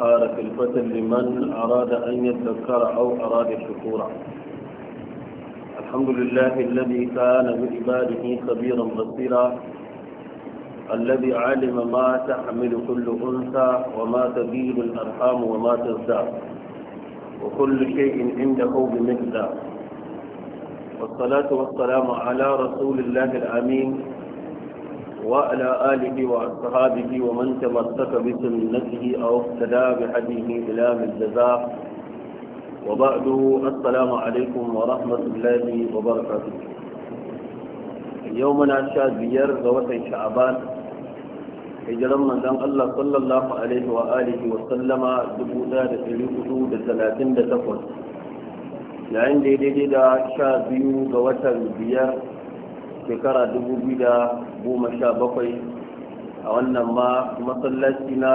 والأنهار في الفتن لمن أراد أن يتذكر أو أراد الشكورا الحمد لله الذي كان بإباده خبيرا بصيرا الذي علم ما تحمل كل أنثى وما تبيل الأرحام وما تزداد وكل شيء عنده بمقدار والصلاة والسلام على رسول الله الأمين وعلى آله وأصحابه ومن تمسك بسنته أو اهتدى بهديه إلى الجزاء وبعد السلام عليكم ورحمة الله وبركاته يومنا شاد بير غوث شعبان هجر من الله صلى الله عليه وآله وسلم دبودا لقلوبه بثلاثين دتفر لعندي ديدا شاد بيو غوثي بير shekara 2017 a wannan ma masallaci na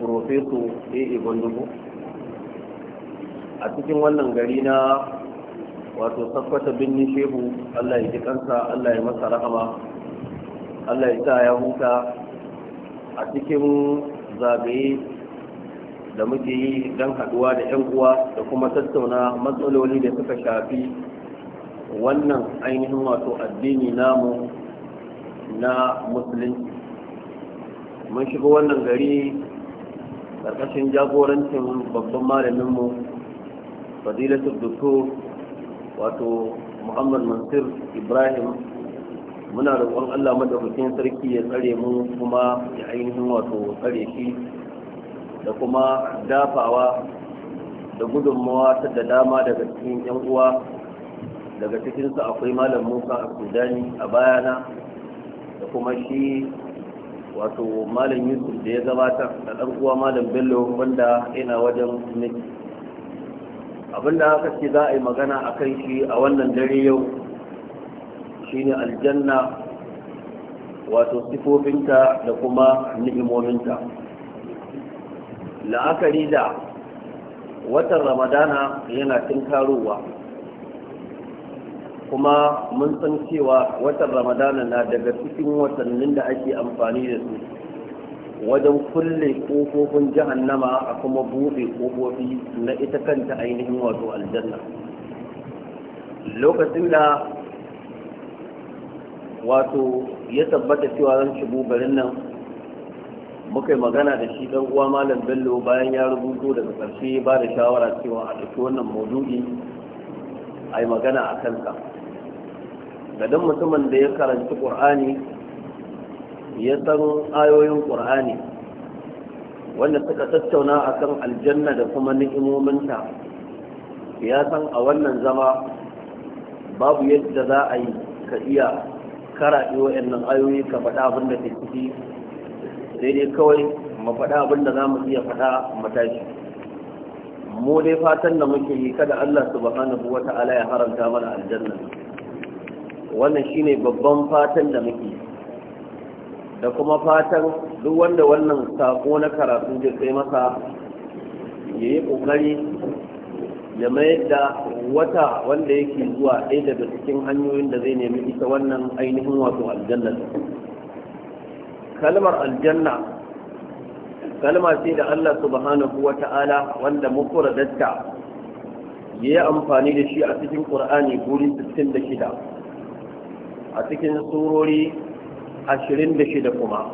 profeto a ibandubu a cikin wannan gari na wato sakwata birnin shehu allah ya ji kansa allah ya masa rahama allah ya sa ya huta a cikin zagaye da muke yi don haduwa da 'yan uwa da kuma tattauna matsaloli da suka shafi wannan ainihin wato addini namu na musulunci mun shiga wannan gari ƙarƙashin jagorancin babban malaminmu fadilatul doktor wato muhammad mansur ibrahim muna roƙon allah madaukakin sarki ya tsare mu kuma ya ainihin wato tsare shi da kuma dafawa da gudunmawa ta da dama daga cikin 'yan uwa daga cikinsu akwai malam musa a sudani a bayana da kuma shi wato malam yusuf da ya gabata da ɗan uwa malam bello wanda yana wajen miki abinda aka ce za a yi magana a kan shi a wannan dare yau shine aljanna wato sifofinta da kuma ni'imominta la'akari da watan ramadana yana tinkarowa kuma mun san cewa watan ramadana na daga cikin watannin da ake amfani da su wajen kulle ƙofofin jahannama a kuma buɗe ƙofofi na ita kanta ainihin wato aljanna lokacin da wato ya tabbata cewa zan shigo garin nan muka yi magana da shi ɗan uwa malam bello bayan ya rubuto daga ƙarshe ba da shawara cewa a ɗauki wannan maudu'i a yi magana a kansa ga mutumin da ya karanci ƙur'ani, ya san ayoyin ƙur'ani, wanda suka tattauna a kan aljanna da kuma ni'imominta ya san a wannan zama babu yadda za a yi ka iya karaɗe wa'annan ayoyi ka faɗa abin da ke ciki sai dai kawai mu faɗa abin da za mu iya faɗa matashi mu dai fatan da muke yi kada Allah subhanahu wata'ala ya haramta mana aljanna wannan shine babban fatan da muke da kuma fatan duk wanda wannan sako na karatu zai kai masa ya yi ƙoƙari ya mayar da wata wanda yake zuwa ɗaya daga cikin hanyoyin da zai nemi ita wannan ainihin wato aljanna kalmar aljanna kalma ce da Allah subhanahu wa ta'ala wanda mukuradatta ya yi amfani da shi a cikin Qur'ani guri 66 a cikin surori ashirin da shida kuma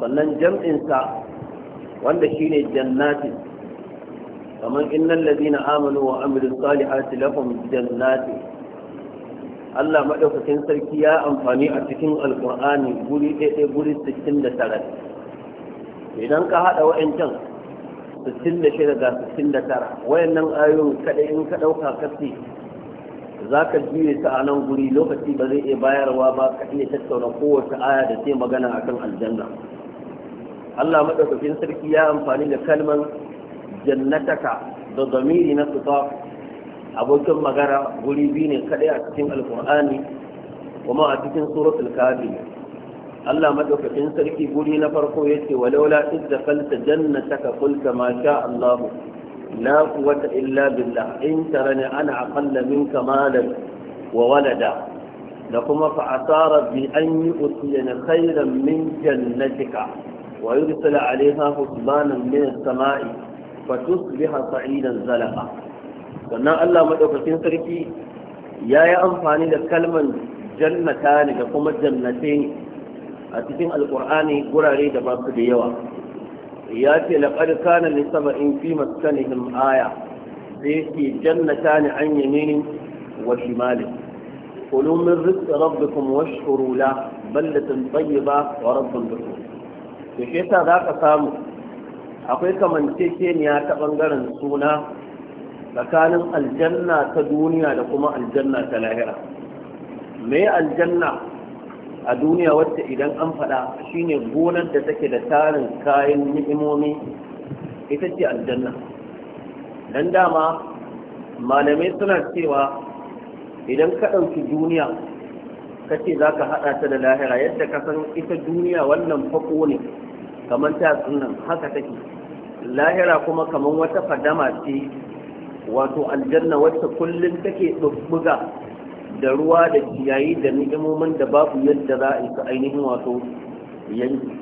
sannan jam'insa wanda shi ne jannatin kamar innan lazina amanu wa amirin a tilafin Jannatin, Allah maɗaukakin sarki ya amfani a cikin alƙur'ani guri ɗaya guri 69 idan ka haɗa wa'ancan 66 ga 69 wayannan ayoyin kaɗai in ka ɗauka kasi za ka juye ta a nan guri lokaci ba zai iya bayarwa ba ka iya tattauna kowace aya da ce magana akan aljanna Allah maɗaukakin sarki ya amfani da kalmar jannataka da zamiri na fita abokin magana guri biyu ne kadai a cikin alkur'ani kuma a cikin suratul kafi Allah maɗaukakin sarki guri na farko ya ce walaula idda falta jannataka qulta ma sha Allah la quwwata illa billah in tarani ana aqalla minka malan wa walada da kuma fa asara bi an yu'tiyana khayran min jannatika wa yursala 'alayha husbanan min as-sama'i fatusbiha sa'idan zalaqa sannan Allah madaukakin sarki yayi amfani da kalman jannata ne da kuma jannate a cikin alqur'ani gurare da basu da yawa ya ce laƙar kana ne saba in fi maskanihim aya da yake jannata ne an yaminin wa shimalin kulu min rizqi rabbikum washkuru la baldatun ba wa rabbun ghafur to shi yasa ka samu akwai keniya ta ɓangaren suna tsakanin aljanna ta duniya da kuma aljanna ta lahira me aljanna a duniya wacce idan an faɗa shine gonar da take da tarin kayan ni'imomi ita ce aljanna dan dama malamai suna cewa idan ka ɗauki duniya ka ce za ka haɗa ta da lahira yadda ka san ita duniya wannan fako ne kamar ta nan haka take lahira kuma kamar wata fadama ce wato aljanna wacce kullum take ɗuɓɓuga da ruwa da ciyayi da ni'imomin da babu yadda za a yi ainihin wato yanki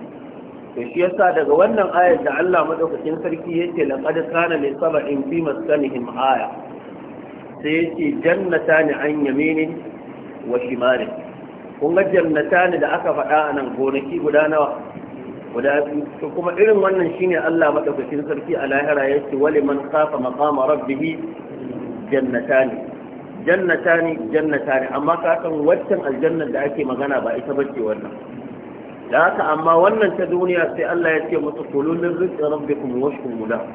to shi yasa daga wannan ayar da Allah madaukakin sarki ya yace laqad kana li sab'in fi maskanihim aya sai yace jannatani an yaminin wa shimalin kun ga jannatani da aka faɗa a nan gonaki guda nawa guda biyu kuma irin wannan shine Allah madaukakin sarki a lahira yace waliman khafa maqama rabbih jannatani jannata ne jannata ne amma ka san waccan aljannar da ake magana ba ita bace wannan da haka amma wannan ta duniya sai Allah ya ce musu kululun rizqi rabbikum washkuru lahu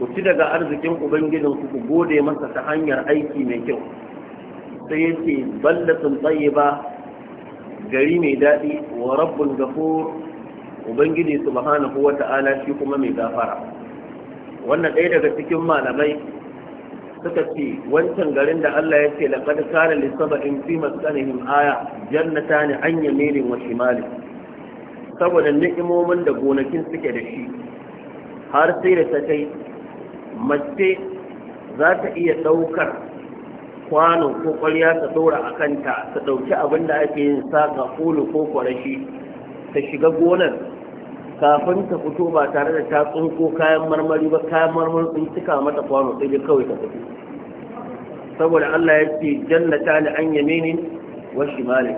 ku ci daga arzikin ubangijin ku gode masa ta hanyar aiki mai kyau sai yace ballatun tayyiba gari mai daɗi wa rabbul ghafur ubangiji subhanahu wata'ala shi kuma mai gafara wannan ɗaya daga cikin malamai suka ce wancan garin da Allah ya ce laqad kana li in fi maskanihim aya ne, an yaminin wa shimali saboda ni'imomin da gonakin suke da shi har sai da ta kai mace za ta iya ɗaukar kwano ko ƙwarya ta dora a kanta ta dauki abin da ake yin saka kulu ko kwarashi ta shiga gonar kafin ta fito ba tare da ta tsunko kayan marmari ba kayan marmari sun cika mata kwano sai kawai ta fito saboda Allah ya ce jannata ni an yaminin wa shimalin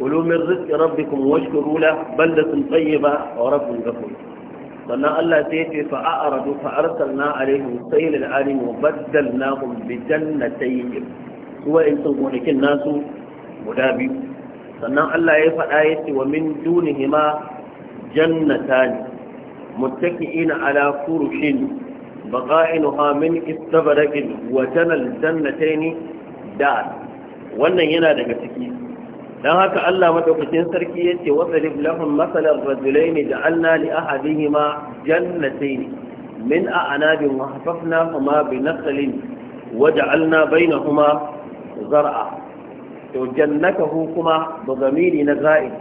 kulu min rizqi rabbikum washkuru la baldatun tayyiba wa rabbun ghafur sannan Allah sai ya ce fa a'radu fa arsalna alaihim sayl al'alim wa baddalnahum bi jannatayn wa in sun gonakin nasu guda biyu sannan Allah ya faɗa ya ce wa min dunihima jannatani muttaki'ina ala furushin baqa'inuha min istabraqin wa janal jannataini da wannan yana daga ciki Don haka Allah madaukakin sarki ya ce matsalar ne da lahum masalan rajulain ja'alna ma ahadihima jannatayn min a'nabin wa hafafnahuma bi naqlin bai na kuma zar'a to jannatahu kuma bi dhamiri na ghaib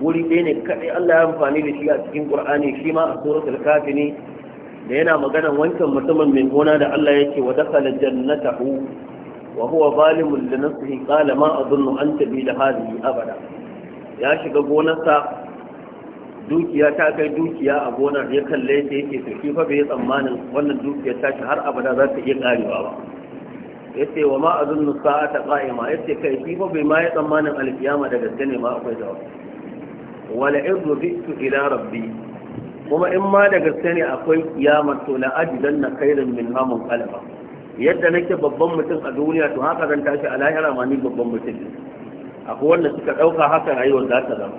wuri ɗaya ne kaɗai Allah ya amfani da shi a cikin Kur'ani. shi ma a suratul kafi ne da yana magana wancan mutumin mai gona da Allah yake wa dakhala jannatahu wa huwa zalimun li nafsihi qala ma adunnu an da hadhihi abada ya shiga gonarsa dukiya ta kai dukiya a gonar ya kalle ta yake to shi fa bai tsammanin wannan dukiya ta shi har abada za ta iya karewa ba yace wa ma adunnu sa'ata qa'ima yace kai shi fa bai ma ya tsammanin alkiyama da gaske ne ma akwai jawabi wala in rubitu ila rabbi kuma in ma da gaske ne akwai kiyama to la ajidan na kai min hamun qalba yadda nake babban mutum a duniya to haka zan tashi a lahira ma ni babban mutum akwai wanda suka ɗauka haka rayuwar za ta zama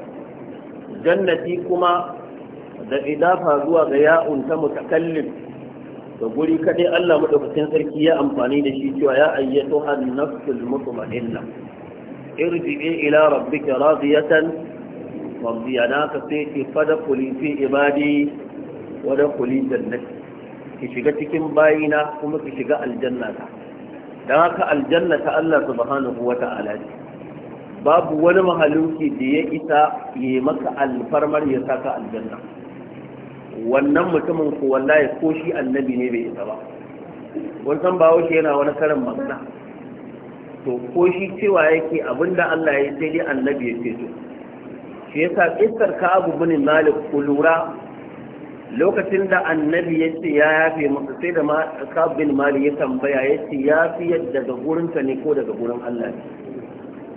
jannati kuma da idafa zuwa ga ya'un ta mutakallim da guri kadai Allah madaukakin sarki ya amfani da shi cewa ya ayyatu an nafsul mutma'inna irji'i ila rabbika radiyatan mardiya na ka sai ce fada kuli ibadi wada ki shiga cikin bayina kuma ki shiga aljanna ta dan haka aljanna ta Allah subhanahu wata'ala ce babu wani mahaluki da ya isa ya maka alfarmar ya saka aljanna wannan mutumin ko wallahi ko shi annabi ne bai isa ba wannan bawo wuce yana wani karin magana to ko shi cewa yake abinda Allah ya sai dai annabi ya ce shi yasa kissar abu bin Malik kulura lokacin da annabi ya ce ya yafe masa sai da Ka'ab bin Malik ya tambaya ya ce ya fi daga gurin ne ko daga gurin Allah ne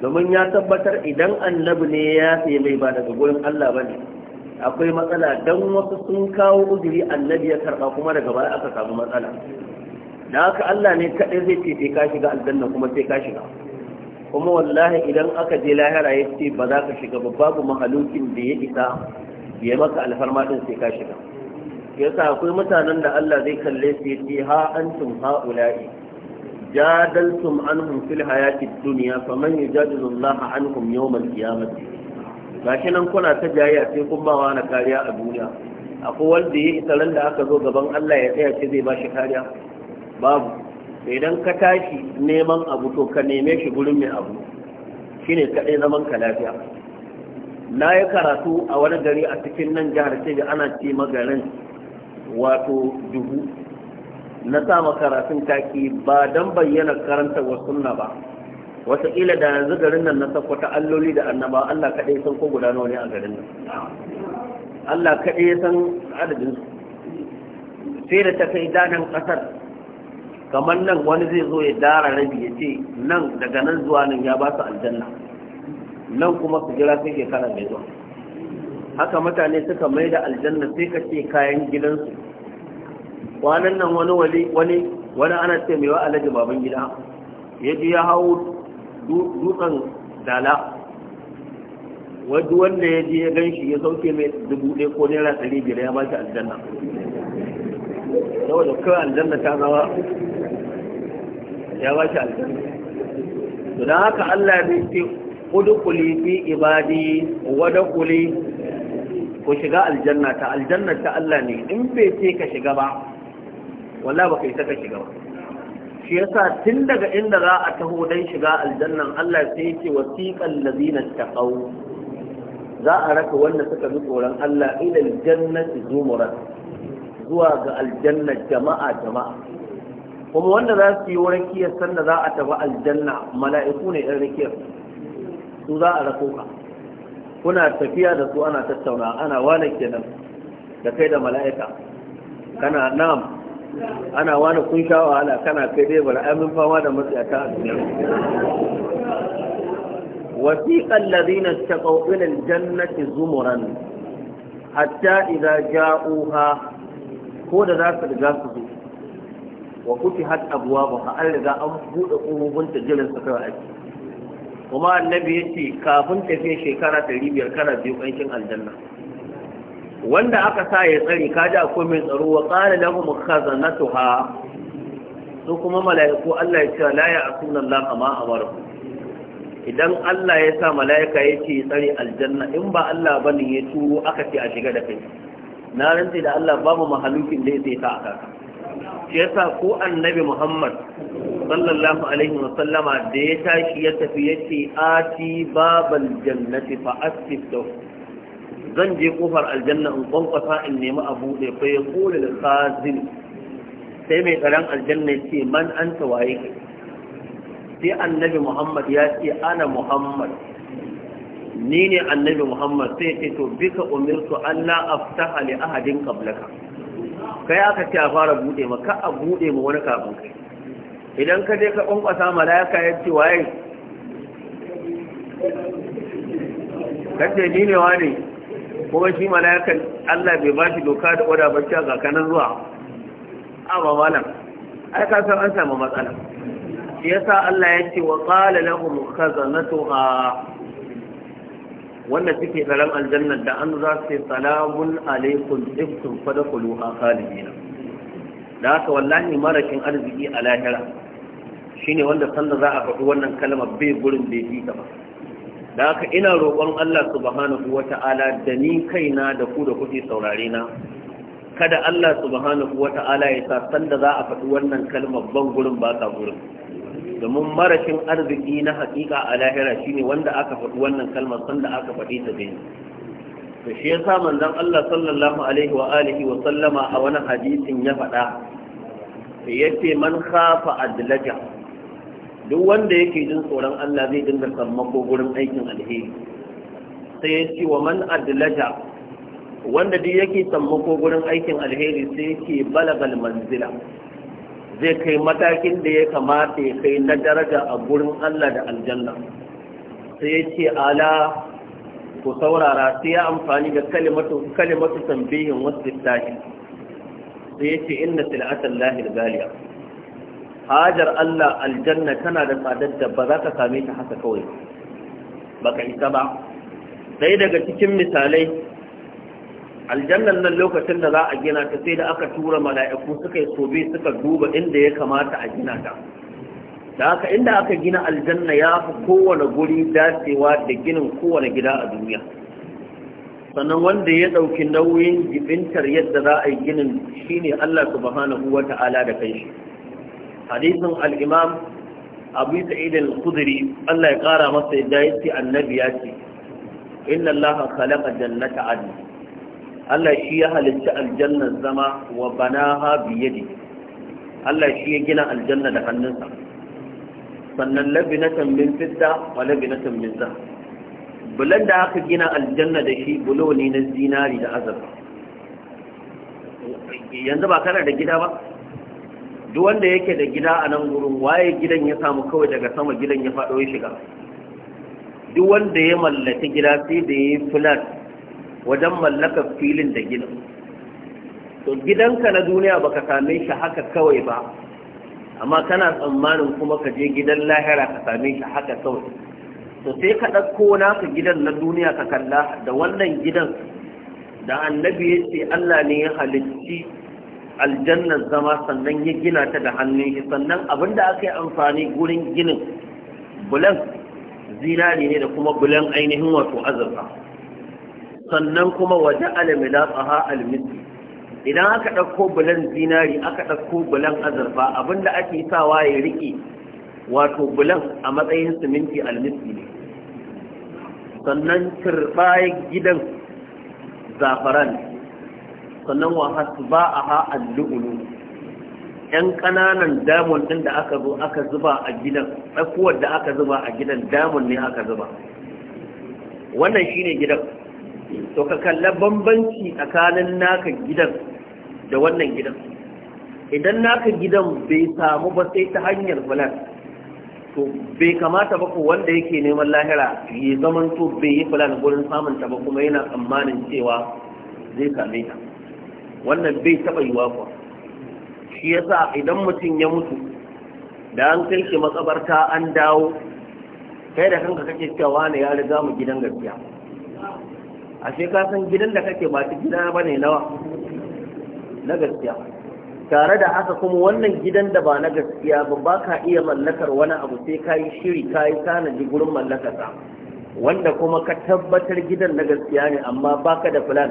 domin ya tabbatar idan annabi ne ya yafe mai ba daga gurin Allah ba akwai matsala don wasu sun kawo uzuri annabi ya karba kuma daga baya aka samu matsala da haka Allah ne kaɗai zai ce sai ka shiga aljanna kuma sai ka shiga kuma wallahi idan aka je lahira ya ce ba za ka shiga ba babu mahalukin da ya isa ya maka alfarma din sai ka shiga yasa akwai mutanen da Allah zai kalle su ya ce ha antum haula'i jadaltum anhum fil hayati dunya faman yujadilu Allah anhum yawm al-qiyamah gashi nan kuna ta jayya sai kun ba wani kariya a duniya akwai wanda ya isa da aka zo gaban Allah ya tsaya ce zai ba shi kariya babu idan ka tashi neman abu to ka neme shi gurin mai abu shine kaɗai zaman ka lafiya na yi karatu a wani gari a cikin nan jihar ce da ana ce magarin wato dubu na sama karatun taki ba don bayyana karanta wa sunna ba wataƙila da yanzu garin nan na sakwata alloli da annaba allah kaɗai san ko guda nawa ne a garin nan allah kaɗai ya san adadin sai da ta kai danin ƙasar kamar nan wani zai zo ya dara rabi ya ce nan daga nan zuwa nan ya ba su aljanna nan kuma su jira sai ke kana mai zuwa haka mutane suka mai da aljanna sai ka ce kayan gidansu kwanan nan wani wali wani wani ana ce mai wa alaji baban gida ya ji ya hau dutsen dala wadda wanda ya je ya gan shi ya sauke mai dubu ɗaya ko naira ɗari biyar ya ba shi aljanna saboda kawai aljanna ta zama ya ba shi aljanna to haka Allah ya ce udkhuli fi ibadi wa dakhuli ku shiga aljanna ta aljanna ta Allah ne in bai ce ka shiga ba wallahi ba yi ta ka shiga ba shi yasa tun daga inda za a taho dan shiga aljannan Allah sai yake wasiqal ladina taqaw za a raka wanda suka bi tsoron Allah ila aljannati zumuran zuwa ga aljanna jama'a jama'a kuma wanda za su yi wurin rakiyar sanda za a tafi aljanna mala'iku ne yan rakiyar su za a rako ka kuna tafiya da su ana tattauna ana wane kenan da kai da mala'ika kana nam ana wani kun sha wahala kana kai dai bari amin fama da matsayata a duniya وثيق الذين اشتقوا إلى الجنة زمرا ko da za su ذاك الجاسس wa abuwa ba an riga an buɗe ƙofofin ta jiran sa kawai ake kuma annabi ya ce kafin tafiya shekara ɗari biyar kana biyu ƙanshin aljanna wanda aka sa ya tsare ka ji akwai mai tsaro wa ƙara lahum khazanatuha su kuma mala'iku Allah ya ce la ya asuna Allah kama amaru idan Allah ya sa mala'ika ya ce tsare aljanna in ba Allah bane ya turo aka ce a shiga da kai na rantse da Allah babu mahalukin da ya sai ta yasa ko annabi Muhammad sallallahu alaihi wasallama da ya tashi ya tafi ya ce ati babal jannati fa astiftu zan je kofar aljanna in kwankwasa in nemi a buɗe fa ya kula da kazin sai mai karan aljanna ce man an tawaye kai sai annabi Muhammad ya ce ana Muhammad ni ne annabi Muhammad sai ya ce to bika umirtu an la aftaha li ahadin qablaka kai aka ce a fara bude ma ka a bude ma wani kafin kai idan ka je ka kwankwasa mala'ika ya ce waye ka ce ni ne kuma shi mala'ikan Allah bai ba shi doka da oda bacci a kakanin zuwa a ba malam ai ka san an samu matsala shi yasa Allah ya ce wa qala lahum khazanatuha wanda suke tsaron aljannar da an za su salamun alaikum ibtum fadkhulu ha khalidina da haka wallahi marakin arziki a lahira shine wanda sanda za a faɗi wannan kalma bai gurin bai fi ba da haka ina roƙon Allah subhanahu wata'ala da ni kaina da ku da kuke saurare na kada Allah subhanahu wata'ala ya sa sanda za a faɗi wannan kalma ban gurin ba ka gurin domin marashin arziki na hakika a lahira shine wanda aka faɗi wannan kalmar sanda aka faɗi ta bai. to shi yasa manzon Allah sallallahu alaihi wa alihi wa sallama a wani hadisin ya faɗa yace man khafa adlaja duk wanda yake jin tsoron Allah zai dinga sammako gurin aikin alheri sai ya ce wa man adlaja wanda duk yake sammako gurin aikin alheri sai yake balagal manzila zai kai matakin da ya kamata ya kai na daraja a gurin Allah da aljanna sai ce ala ku saurara sai ya amfani da kalimatu kalimatu tambihin wasu tashi sai ya ce inna sil'atan lahir galiya hajar Allah aljanna tana da tsadar da ba za ka same ta haka kawai baka isa ba sai daga cikin misalai aljannan nan lokacin da za a gina ta sai da aka tura mala'iku suka yi sobe suka duba inda ya kamata a gina ta da haka inda aka gina aljanna ya fi kowane guri dacewa da ginin kowane gida a duniya sannan wanda ya ɗauki nauyin jibintar yadda za a yi ginin shine Allah subhanahu wa ta'ala da kanshi hadisin alimam abu sa'id al Allah ya kara masa yadda yace annabi ya ce inna allaha khalaqa jannata adn Allah shi ya halitta aljannar zama wa banaha biyadi Allah shi ya gina aljanna da hannunsa sannan labinatan min fidda wa labinatan min zahab bulan da aka gina aljanna da shi bulo ne na zinari da azurfa yanzu ba kana da gida ba duk wanda yake da gida a nan gurin waye gidan ya samu kawai daga sama gidan ya faɗo ya shiga duk wanda ya mallaki gida sai da ya yi flat wajen mallakar filin da gidan to gidanka na duniya baka same shi haka kawai ba amma kana tsammanin kuma ka je gidan lahira ka same shi haka kawai to sai ka ɗauko naka gidan na duniya ka kalla da wannan gidan da annabi ya ce Allah ne ya halitti aljannar zama sannan ya gina ta da hannun shi sannan abinda aka yi amfani gurin ginin bulan zinari ne da kuma bulan ainihin wato azurfa sannan kuma waje alamila tsaha alimiti idan aka ɗauko bulan zinari aka ɗauko bulan azurfa abinda ake sawa ya riƙe wato bulan a matsayin siminti alimiti ne sannan turɓaye gidan zafaran sannan wa ba a ha lu'ulu ‘yan ƙananan damon ɗin da aka zo aka zuba a gidan ɗakuwar da aka zuba a gidan damon ne aka zuba wannan shi ne gidan to ka kalla bambanci tsakanin naka gidan da wannan gidan idan naka gidan bai samu ba sai ta hanyar fulan to bai kamata ba ko wanda yake neman lahira ya zaman to bai yi fulan gurin samun ta ba kuma yana tsammanin cewa zai same ta wannan bai taɓa yi kuwa shi yasa idan mutum ya mutu da an kai shi matsabarta an dawo kai da kanka kake cewa ne ya riga mu gidan gaskiya ashe ka san gidan da kake ba ta gida ba ne nawa na gaskiya tare da haka kuma wannan gidan da ba na gaskiya ba ba ka iya mallakar wani abu sai ka yi shiri ka yi tanadi gurin mallakarsa wanda kuma ka tabbatar gidan na gaskiya ne amma ba ka da filan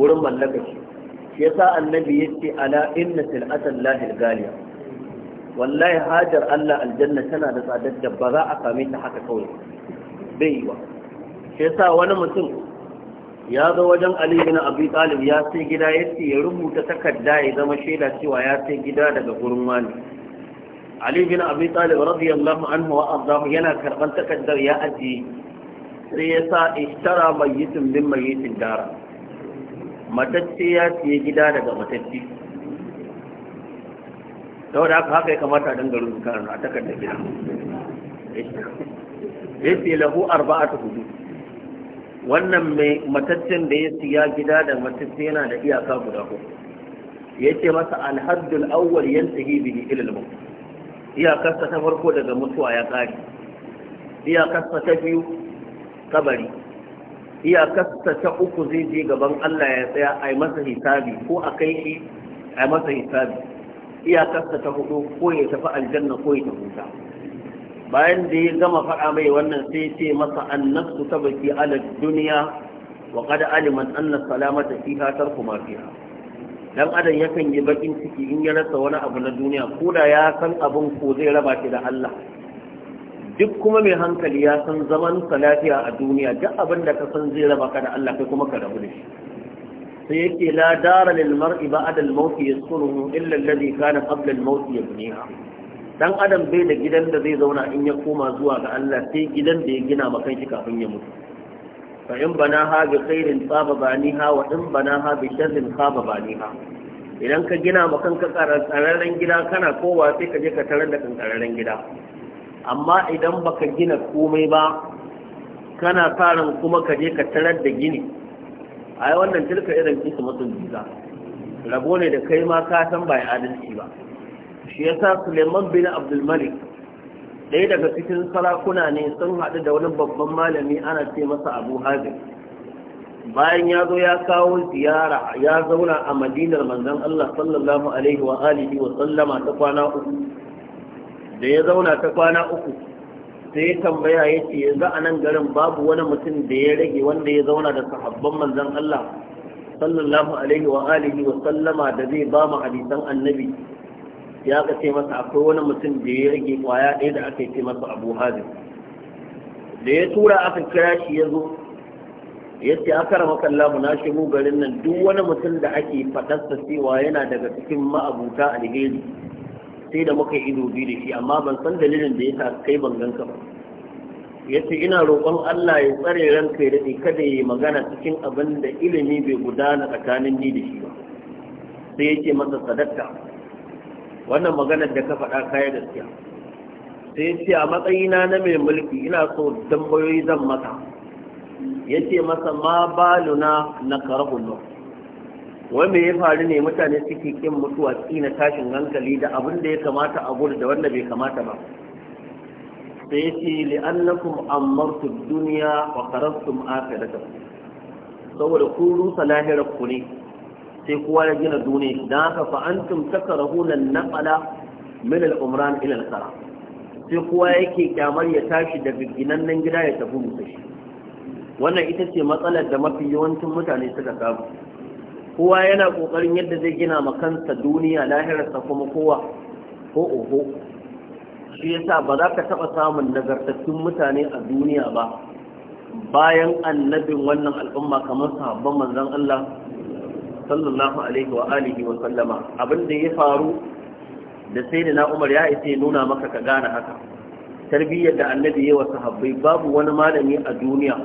gurin mallakar shi shi yasa annabi ya ce ala inna sil'atan lahil galiya wallahi hajar Allah aljanna tana da tsadar da ba za a same ta haka kawai bai yi ba shi yasa wani mutum ya zo wajen Ali bin Abi Talib ya sai gida ya ce ya rubuta takarda ya zama shaida cewa ya sai gida daga gurin wani Ali bin Abi Talib radiyallahu anhu wa ardahu yana karban takardar ya ajiye sai ya sa ishtara mayyitin bin mayyitin dara matacce ya siye gida daga matacce da aka haka ya kamata a garin zukarar a takardar gida ya ce lahu arba'atu hudu. wannan mai mataccen da ya siya gida da matacce yana da iyaka guda ko ya ce masa alhaddul awwal yantahi bihi ila al iyakarsa ta farko daga mutuwa ya kare iyakarsa ta biyu kabari iyakarsa ta uku zai je gaban Allah ya tsaya a masa hisabi ko a kai shi a masa hisabi iyakarsa ta hudu ko ya tafi aljanna ko ya tafi bayan da ya gama faɗa mai wannan sai ce masa annasu baki ala duniya wa qad aliman anna salamata fiha tarku kuma fiha dan adam yakan yi bakin ciki in ya rasa wani abu na duniya ko da ya san abin ko zai raba shi da Allah duk kuma mai hankali ya san zaman sa lafiya a duniya duk abin da ka san zai raba ka da Allah kai kuma ka rabu da shi sai yake la dara lil mar'i ba'da al-maut yaskunuhu illa alladhi kana qabla al-maut yabniha dan adam bai da gidan da zai zauna in ya koma zuwa ga Allah sai gidan da ya gina makan shi kafin ya mutu fa in bana ha bi khairin tsaba baniha wa in bana ha bi sharrin khaba baniha idan ka gina makan ka kararren gida kana kowa sai ka je ka tarar da kankararren gida amma idan baka gina komai ba kana farin kuma ka je ka tarar da gini ai wannan tilka irin kisa mutum jiza rabo ne da kai ma ka san bai adalci ba shi yasa Suleiman bin Abdulmalik ɗaya daga cikin sarakuna ne sun haɗu da wani babban malami ana ce masa Abu bayan ya zo ya kawo ziyara ya zauna a madinar manzan Allah sallallahu alaihi wa alihi wa sallama ta kwana uku da ya zauna ta kwana uku sai ya tambaya ya ce yanzu a nan garin babu wani mutum da ya rage wanda ya zauna da sahabban manzan Allah sallallahu alaihi wa alihi wa sallama da zai ba mu hadisan annabi ya ka ce masa akwai wani mutum da ya rage kwaya ɗaya da aka ce masa abu hazin da ya tura aka kira shi ya zo ya ce aka rama kallahu na shigo garin nan duk wani mutum da ake faɗarsa cewa yana daga cikin ma'abuta alheri sai da muka ido biyu da shi amma ban san dalilin da ya sa kai ban ganka ba ya ce ina roƙon Allah ya tsare ranka ya daɗe kada ya yi magana cikin abin da ilimi bai gudana tsakanin ni da shi ba sai ya ce masa sadakta wannan maganar da ka faɗa kaya gaskiya sai ya ce a matsayina na mai mulki ina so tambayoyi zan maka ya ce masa ma baluna na karahullo wanda ya faru ne mutane suke kin mutuwa tsina tashin hankali da abin da ya kamata a gudu da wanda bai kamata ba sai ya ce li'annakum ammartu duniya wa karastum akhiratakum saboda ku rusa lahirar ku ne sai kowa ya gina duniya don haka fa an takrahuna rahunan min al-umran ila al-qara sai kowa yake kyamar ya tashi daga ginannan gida ya tafi wannan ita ce matsalar da mafi yawancin mutane suka samu kowa yana kokarin yadda zai gina ma kansa duniya lahirarsa kuma kowa ko oho shi yasa ba za ka taɓa samun nagartattun mutane a duniya ba bayan annabin wannan al'umma kamar sahabban manzon Allah sallallahu alaihi wa alihi wa sallama abin da ya faru da sai da na ya isa nuna maka ka gane haka tarbiyyar da annabi ya wa sahabbai babu wani malami a duniya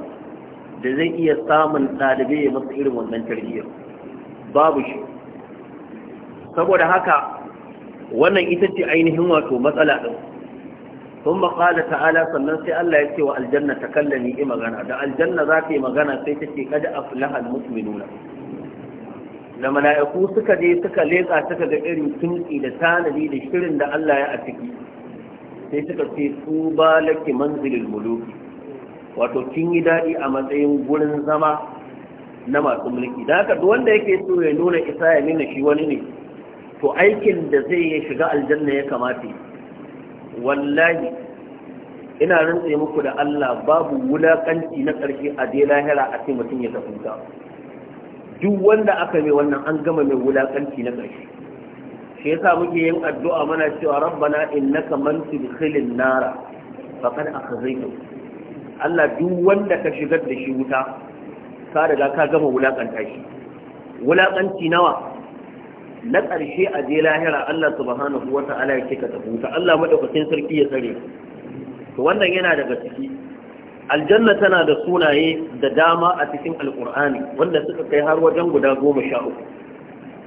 da zai iya samun ɗalibai ya masa irin wannan tarbiyyar babu shi saboda haka wannan ita ce ainihin wato matsala ɗin sun maƙala ta'ala sannan sai Allah ya ce wa aljanna ta kallami magana da aljanna za ta yi magana sai ta ce kada aflahal mu'minuna da mala'iku suka je suka leƙa suka ga irin tunki da tanadi da shirin da Allah ya a sai suka ce su ba laki manzilil muluki wato kin yi daɗi a matsayin gurin zama na masu mulki da haka wanda yake so ya nuna isa ya nuna shi wani ne to aikin da zai ya shiga aljanna ya kamata wallahi ina rantsa muku da Allah babu wulakanci na ƙarshe a je lahira a cikin mutum ya tafi duk wanda aka mai wannan an gama mai wulakanci na ƙarshe shi yasa muke yin addu'a mana cewa rabbana innaka man tudkhilin nara faqad akhzaytu Allah duk wanda ka shigar da shi wuta ka riga ka gama wulakanta shi wulakanci nawa na ƙarshe a je lahira Allah subhanahu wata'ala ya kika tafi wuta. Allah madaukakin sarki ya tsare to wannan yana daga ciki aljanna tana da sunaye da dama a cikin alkur'ani wanda suka kai har wajen guda goma sha uku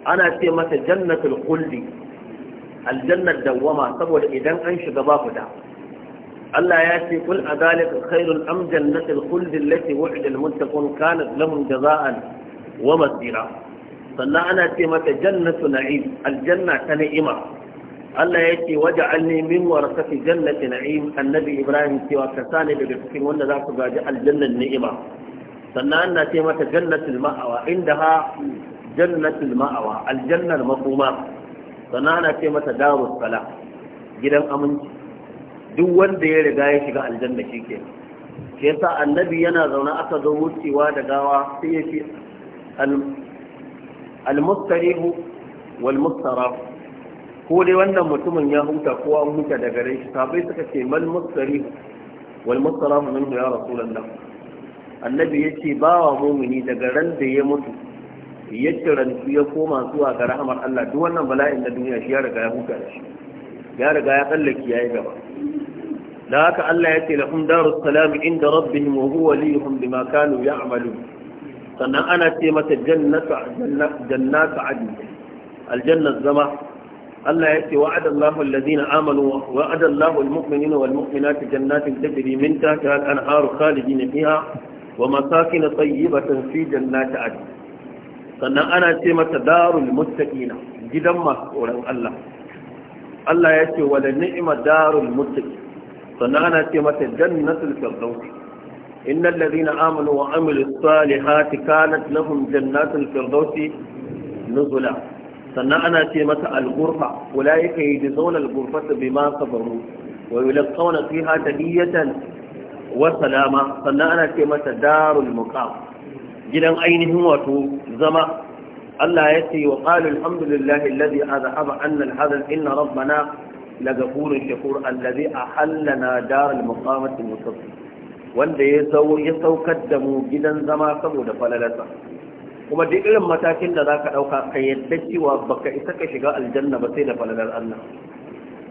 ana ce mata jannatul khuldi aljannar dawwama saboda idan an shiga ba da. Allah ya ce kul adalika khairul am jannatul khuldi allati wa'ida almuttaqun kanat lahum jaza'an wa masira sannan ana ce mata jannatu na'im aljanna ta ni'ima Allah ya ce waje an nemi warasati jannati na'im annabi Ibrahim cewa ka sani daga cikin wanda za ku gaji aljannan ni'ima sannan na ce mata jannatul ma'awa inda ha jannatul ma'awa aljannar makoma sannan ana ce mata darus sala gidan aminci duk wanda ya riga ya shiga aljanna shike ke sa annabi yana zaune aka zo wucewa da gawa sai ya ce al-mustarihu wal mustarafu ko dai wannan mutumin ya huta ko an huta daga rai shi sabai suka ce mal musari wal musalamu minhu ya rasulullah annabi yace bawa mumini daga ran da ya mutu ya cirantu ya koma zuwa ga rahamar Allah duk wannan bala'in na duniya shi ya riga ya huta da shi ya riga ya tsallake yayi gaba da haka Allah ya ce lahum darus salam inda rabbihim wa huwa liyuhum bima kanu ya'malun sannan ana ce mata jannatu jannatu adn aljanna zama Allah ya ce wa'ada Allahu allazina amanu wa'ada Allahu almu'minina walmu'minati jannatin tajri min tahtiha al-anharu khalidina fiha wa masakin tayyibatan fi jannati adn sannan ana ce mata darul muttaqina gidan masu tsoron Allah Allah ya ce wala ni'ma darul muttaqin sannan ana ce mata jannatul firdaus إن الذين آمنوا وعملوا الصالحات كانت لهم جنات الفردوس نزلا sannan ana ce masa al-ghurfa ulaika yajzauna al-ghurfata bima sabaru wa yulqawna fiha tahiyatan wa salama sannan ana ce masa darul muqam gidan ainihin wato zama Allah ya ce wa qalu alhamdulillahi alladhi azhaba anna al inna rabbana lagafurun shakur allazi ahallana daral muqamati mutafi wanda ya sau ya saukar da mu gidan zama saboda falalarsa kuma duk irin matakin da za ka ɗauka ka yadda cewa baka isa ka shiga aljanna ba sai da falalar Allah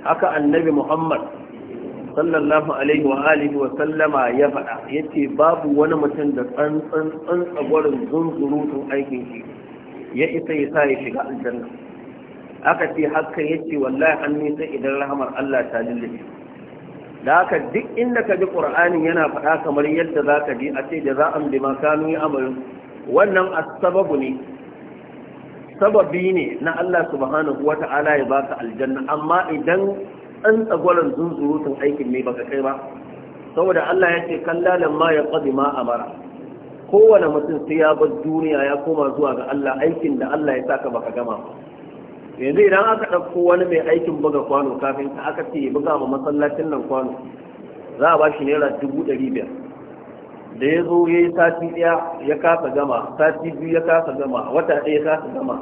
haka annabi Muhammad sallallahu alaihi wa alihi wa sallama ya faɗa ce babu wani mutum da tsantsan tsantsa zunzuru zunzurutun aikin shi ya isa ya sa ya shiga aljanna aka ce haka yace wallahi an nisa idan rahamar Allah ta lullube da haka duk inda ka ji ƙur'ani yana faɗa kamar yadda zaka ji a ce da za'am bima kanu amarin. wannan asababu ne sababi ne na Allah subhanahu wata'ala ya baka aljanna amma idan an tsagwaron zunzurutun aikin ne baka kai ba saboda Allah ya ce kallalan ma ya qadi ma amara kowane mutum sai ya bar duniya ya koma zuwa ga Allah aikin da Allah ya saka baka gama yanzu idan aka ɗauko wani mai aikin buga kwano kafin ta aka ce ya buga ma masallacin nan kwano za a ba shi naira dubu ɗari biyar da ya zo ya yi sati ɗaya ya kasa gama sati biyu ya kasa gama wata ɗaya ya kasa gama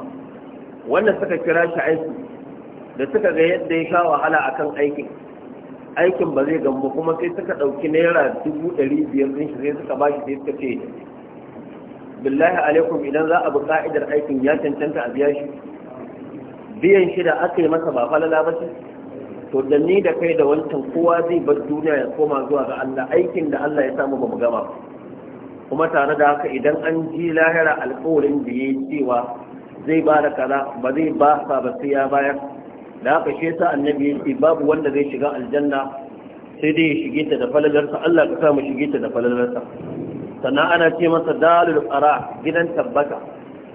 wanda suka kira shi aiki da suka ga yadda ya sha wahala akan aikin aikin ba zai gamba kuma sai suka ɗauki naira dubu ɗari biyar ɗin shi sai suka ba shi sai suka ce billahi alaikum idan za a bi ka'idar aikin ya cancanta a biya shi biyan shi da aka yi masa ba falala ba ce to da ni da kai da wancan kowa zai bar duniya ya koma zuwa ga Allah aikin da Allah ya samu ba mu gama kuma tare da haka idan an ji lahira alkawarin da ya cewa zai ba da kaza ba zai ba sa ba sai ya bayar da haka shi yasa annabi ya babu wanda zai shiga aljanna sai dai ya shige ta da falalarsa Allah ka sa mu shige ta da falalarsa sannan ana ce masa dalil qara gidan tabbata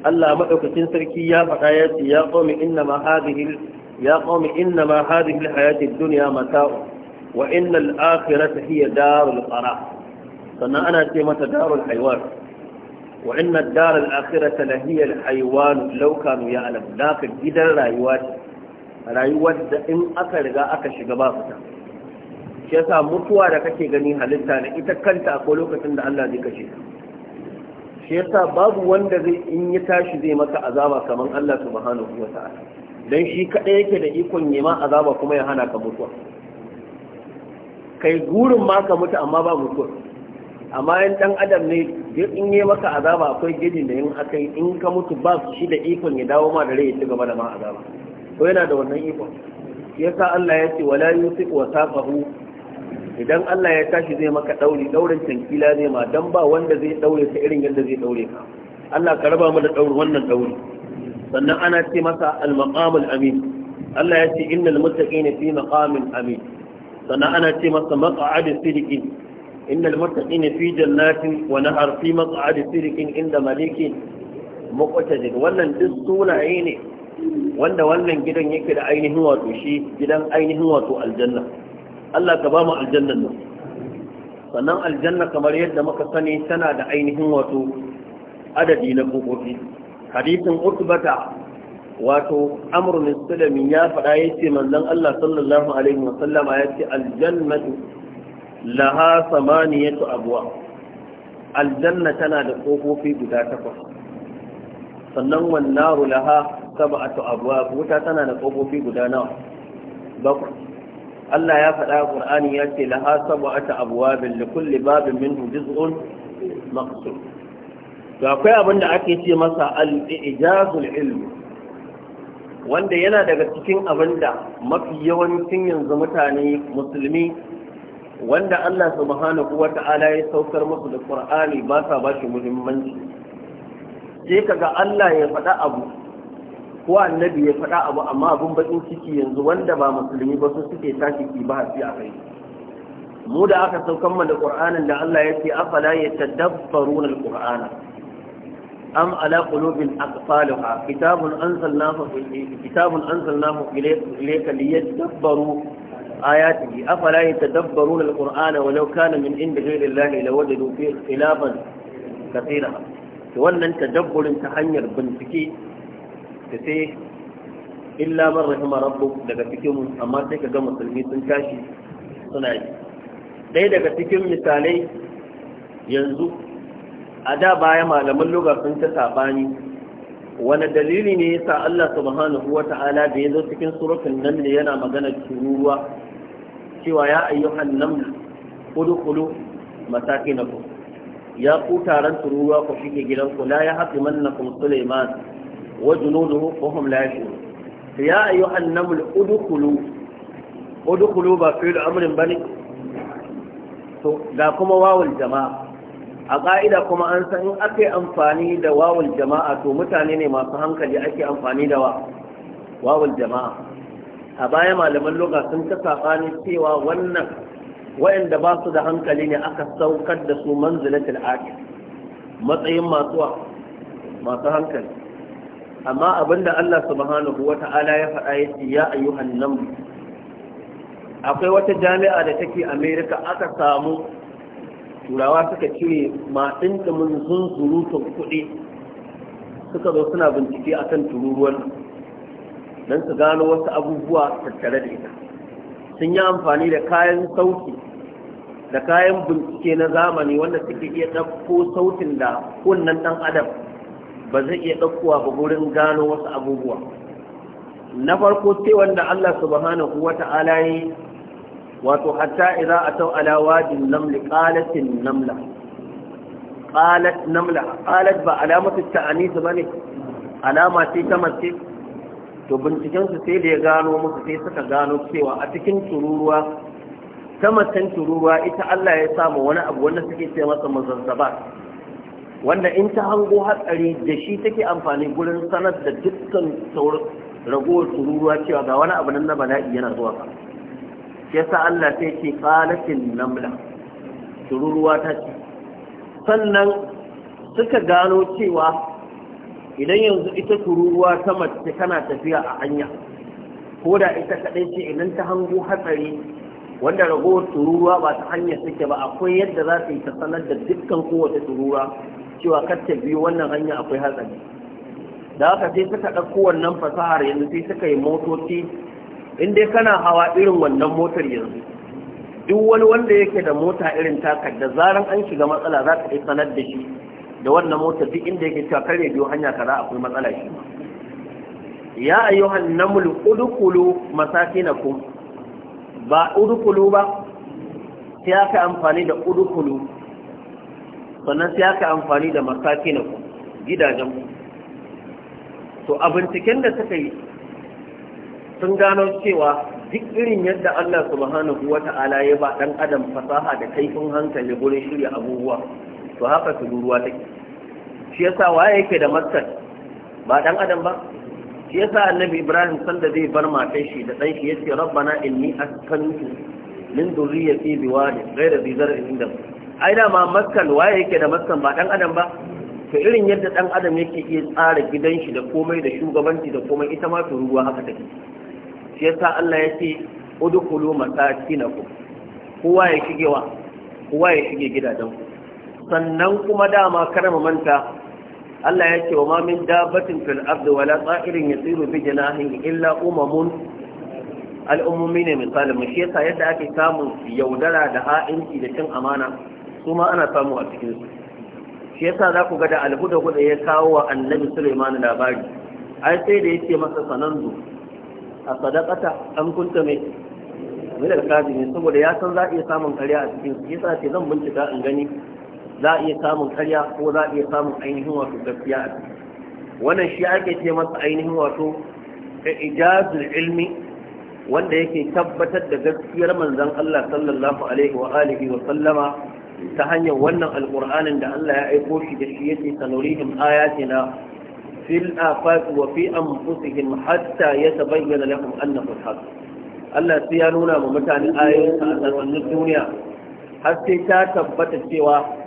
Allah madaukakin sarki ya faɗa ya ce ya qaumi inna ma hadhihi ya qaumi inna ma hadhihi alhayati dunya mata'u wa inna al hiya darul qara sannan ana ce mata darul haiwan wa inna daral akhirata la hiya al haiwan law kanu gidan rayuwa rayuwar da in aka riga aka shiga ba fita shi yasa mutuwa da kake gani halitta ne ita kanta akwai lokacin da Allah zai kashe ka shi yasa babu wanda zai in ya tashi zai maka azaba kamar Allah subhanahu wa ta'ala dan shi kadai yake da ikon yi ma azaba kuma ya hana ka mutuwa kai gurin ma ka mutu amma ba mutuwa amma 'yan dan adam ne in yi maka azaba akwai gidin da yin aka yi in ka mutu ba su shi da ikon ya dawo ma da rai ya ci gaba da ma azaba ko yana da wannan ikon yasa Allah ya ce wala yusiq wa saqahu idan Allah ya tashi zai maka dauri daurin tankila ne ma dan ba wanda zai daure ta irin yadda zai daure ka Allah ka raba mu da dauri wannan dauri sannan ana ce masa al-maqam amin Allah ya ce innal muttaqina fi maqamin amin sannan ana ce masa maq'ad sidiqin إن المتقين في جنات ونهر في مقعد سرك عند مليك مقتدر wannan duk ne wanda wannan gidan yake da ainihin wato shi gidan ainihin wato aljanna Allah ka ba mu sannan aljanna kamar yadda muka sani tana da ainihin wato adadi na kokofi hadisin utbata wato amrun sulami ya faɗa ce manzon Allah sallallahu alaihi ya yace aljannatu laha samaniyatu abwa aljanna tana da kofofi guda takwas sannan wan naru laha sab'atu abwa wuta tana da kofofi guda nawa bakwai Allah ya faɗa a Qur'ani ya ce laha sab'atu abwabin li kulli babin minhu juz'un maqsud to akwai abin da ake ce masa al-ijazul ilmi wanda yana daga cikin abin da mafi yawancin yanzu mutane musulmi wanda Allah subhanahu wa ta'ala ya saukar musu da Qur'ani ba sa ba shi muhimmanci sai kaga Allah ya faɗa abu ko annabi ya faɗa abu amma abun bakin ciki yanzu wanda ba musulmi ba su suke tashi ki ba hasi a kai mu da aka saukar mu da Qur'anin da Allah ya ce afala yatadabbaruna al-Qur'ana am ala qulubin kitabun anzalnahu ilayka kitabun anzalnahu ilayka liyadabbaru آياته أفلا يتدبرون القرآن ولو كان من عند غير الله لوجدوا فيه اختلافا كثيرا wannan tadabburin ta hanyar bincike da sai illa man rahima rabbu daga cikin amma sai ka ga musulmi sun tashi suna yi ɗaya daga cikin misalai yanzu a da baya malaman lokacin sun ta wani dalili ne yasa Allah subhanahu ta'ala da ya zo cikin suratul naml yana magana tururuwa? cewa ya ayyuhan mataki na masakinakum ya ku taron turuwa ku shige gidanku la ya haɗu mannakum Sulaiman wa junuduhu wa hum la yashurun ya ayyuhan naml udkhulu udkhulu ba fi'l amrin bane to da kuma wawul jama'a a ƙa'ida kuma an san in aka yi amfani da wawul jama'a to mutane ne masu hankali ake amfani da wawul jama'a a baya malaman loga sun ta safani cewa wannan wayanda ba su da hankali ne aka saukar da su manzilatul aqil matsayin masu masu hankali amma abinda Allah subhanahu wata'ala ya faɗa yace ya ayyuhan nam akwai wata jami'a da take America aka samu turawa suka cire matsin zunzuru ta kuɗi suka zo suna bincike akan tururuwan don su gano wasu abubuwa tattare da ita sun yi amfani da kayan sauti da kayan bincike na zamani wanda suke iya ɗauko sautin da kunnan ɗan adam ba zai iya ɗaukowa ba gurin gano wasu abubuwa na farko sai wanda Allah subhanahu wa ta'ala yi wato hatta idza ataw ala wadin naml qalatin namla qalat namla qalat ba alamatu ta'anis bane alama ce ta mace to bincikensu sai da ya gano musu sai suka gano cewa a cikin tururuwa ta macen tururuwa ita Allah ya samu wani abu wanda suke ce masa mazazzaba wanda in ta hango hatsari da shi take amfani gurin sanar da dukkan ragowar tururuwa cewa ga wani abu nan na bala'i yana zuwa ka yasa Allah sai ce qalatin namla tururuwa ta ce sannan suka gano cewa idan yanzu ita tururuwa ta mace tana tafiya a hanya ko da ita kaɗai ce idan ta hango hatsari wanda ragowar tururuwa ba ta hanyar suke ba akwai yadda za su yi ta sanar da dukkan kowace turuwa cewa kar ta biyu wannan hanya akwai hatsari da haka sai suka ɗauko wannan fasahar yanzu sai suka yi motoci in dai kana hawa irin wannan motar yanzu duk wani wanda yake da mota irin taka da zaran an shiga matsala za ka sanar da shi da wannan motar duk inda yake cewa kare biyo hanya kaza akwai matsala shi ya ayyuhan namul udkhulu masakinakum ba udkhulu ba sai aka amfani da udkhulu sannan sai aka amfani da masakinakum gidajen ku to a binciken da suka yi sun gano cewa duk irin yadda Allah subhanahu wata'ala ya ba dan adam fasaha da kaifin hankali gurin shirya abubuwa to haka tururuwa take shi yasa waye yake da maskar ba dan adam ba shi yasa annabi ibrahim sanda zai bar matan shi da dan shi yace rabbana inni askantu min dhurriyyati biwadin ghayra bi zar'in inda ai da ma maskan waye yake da maskan ba dan adam ba to irin yadda dan adam yake iya tsara gidan shi da komai da shugabanci da komai ita ma tururuwa haka take shi yasa Allah yace udkhulu masakinakum kowa ya shigewa kowa ya shige gidajenku sannan kuma dama kar manta Allah ya ce wa ma min dabatin fil ardi wala ta'irin yasiru bi janahihi illa umamun al'ummomi ne min mu Shiyasa yadda ake samun yaudara da ha'inci da cin amana su ma ana samu a cikin su shi yasa za ku ga da alhuda guda ya kawo wa annabi Sulaiman labari ai sai da yace masa sanandu a sadaqata an kunta mai da kazi ne saboda ya san za a iya samun karya a cikin su yasa ce zan bincika in gani za a iya samun karya ko za a iya samun ainihin wato gaskiya wannan shi ake ce masa ainihin wato ijazul ilmi wanda yake tabbatar da gaskiyar manzon Allah sallallahu alaihi wa alihi wa sallama ta hanyar wannan alqur'anin da Allah ya aiko shi da shi yace sanurihim ayatina fil afaq wa fi anfusihim hatta yatabayyana lahum annahu al Allah sai ya nuna wa mutane ayoyinsa a duniya har sai ta tabbata cewa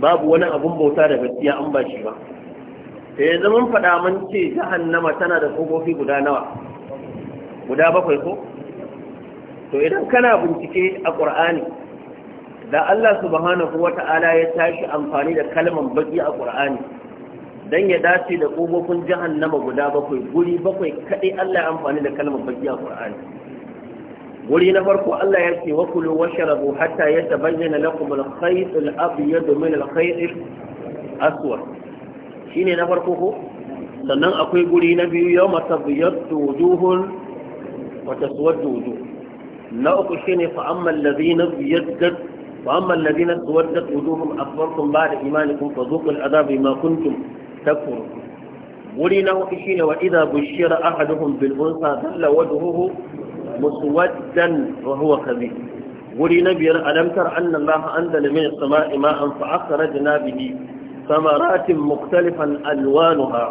babu wani abun bauta da gaskiya an ba shi ba da ya zama faɗa mun ce jahannama tana da kofofi guda nawa guda bakwai ko to idan kana bincike a ƙur'ani da Allah subhanahu wata'ala ya tashi amfani da kalman baki a ƙur'ani dan ya dace da kofofin jahannama guda bakwai guri bakwai kaɗai Allah ya amfani da kalman baki a ƙur'ani wuri na farko Allah ya ce wakulu washrabu hatta yatabayyana lakum al-khayt al-abyad min al-khayt al-aswad shine na farko ko sannan akwai guri na biyu yawma tabyaddu wujuhun wa taswaddu wujuh na uku shine fa amma alladhina yaddat fa amma alladhina tawaddat wujuhum akbartum ba'da imanikum fadhuqul adhab bima kuntum takfurun guri na hudu shine wa idha bushira ahaduhum bil unsa dalla wajhuhu مسودا وهو خبيث قولي نبي ألم تر أن الله أنزل من السماء ماء فأخرجنا به ثمرات مختلفا ألوانها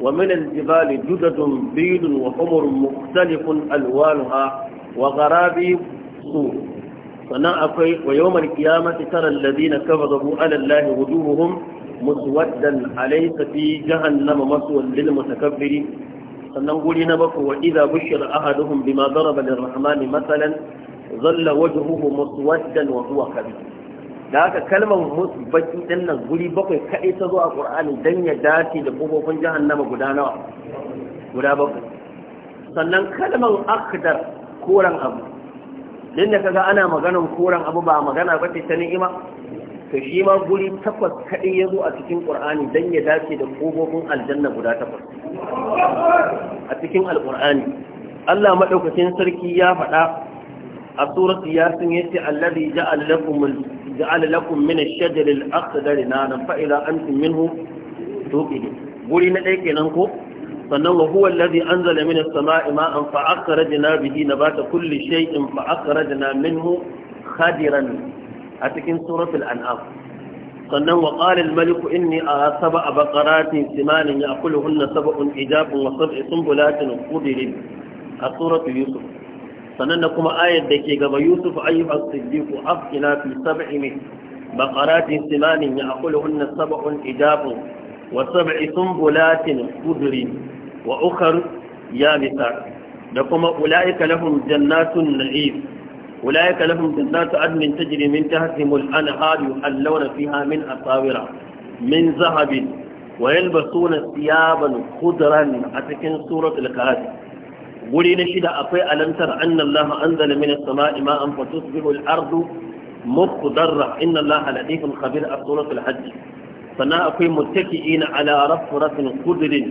ومن الجبال جدد بيض وحمر مختلف ألوانها وغرابي صور ويوم القيامة ترى الذين كفروا على الله وجوههم مسودا عليك في جهنم مسوى للمتكبرين sannan guri na bakwai wa idza bushira ahaduhum bima daraba lirrahmani masalan zalla wajhuhu muswaddan wa huwa kabir da haka kalmar musbaki din nan guri bakwai kadai ta zo a qur'ani dan ya dace da kofofin jahannama guda nawa guda bakwai sannan kalmar akhdar koran abu din da kaga ana maganar koran abu ba magana ba ce ta ni'ima to shi ma guri takwas kaɗai ya zo a cikin ƙur'ani don ya dace da ƙofofin aljanna guda takwas a cikin alƙur'ani Allah maɗaukacin sarki ya faɗa a surat yasin ya ce alladhi ja'ala lakum ja'ala lakum min ash-shajari al-aqdar naran fa idza antum guri na ɗaya kenan ko sannan wa huwa alladhi anzala min as-sama'i ma'an fa akhrajna bihi nabata kulli shay'in fa akhrajna minhu khadiran a cikin suratul an'am sannan wa qala al malik inni ara sab'a baqaratin simanin ya'kuluhunna sab'un ijabun wa sab'i sunbulatin khudrin a suratul yusuf sannan da kuma ayar da ke gaba yusuf ayyuha as-siddiq afkina fi sab'i min baqaratin simanin ya'kuluhunna sab'un ijabun wa sab'i sunbulatin khudrin wa ukhra ya misar da kuma ula'ika lahum jannatun na'im أولئك لهم جنات عدن تجري من تحتهم الأنهار يحلون فيها من أساور من ذهب ويلبسون ثيابا خضرا أتكن سورة الكهف ولي نشد أطيء ألم تر أن الله أنزل من السماء ماء فتصبح الأرض مخضرة إن الله لطيف خبير سورة الحج فنا أقوي متكئين على رفرة خضر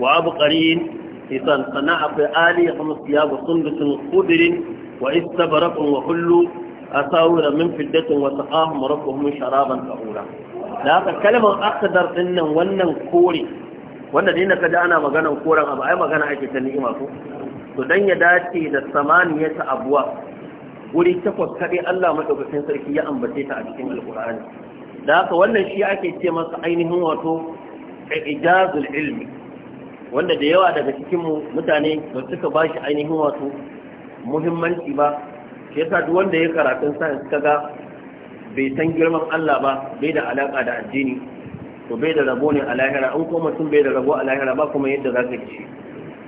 وعبقرين إذا صنع في آلي خمس ثياب صندس خضر وإذ تبرقوا وحلوا أساور من فدة وسقاهم ربهم شرابا طهورا لذلك كلمة أقدر إن ونن كوري wanda dai na kaji ana maganan koren abu ai magana ake ta ni'ima ko to dan ya dace da samaniya ta abuwa wuri takwas kaɗai, Allah madaukakin sarki ya ambace ta a cikin alqur'ani da haka wannan shi ake ce masa ainihin wato ijazul ilimi, wanda da yawa daga cikin mutane ba suka bashi ainihin wato muhimmanci ba shi sa duk wanda ya karatun science kaga bai san girman Allah ba bai da alaka da addini to bai da rabo ne a lahira an ko mutum bai da rabo a lahira ba kuma yadda za ka ci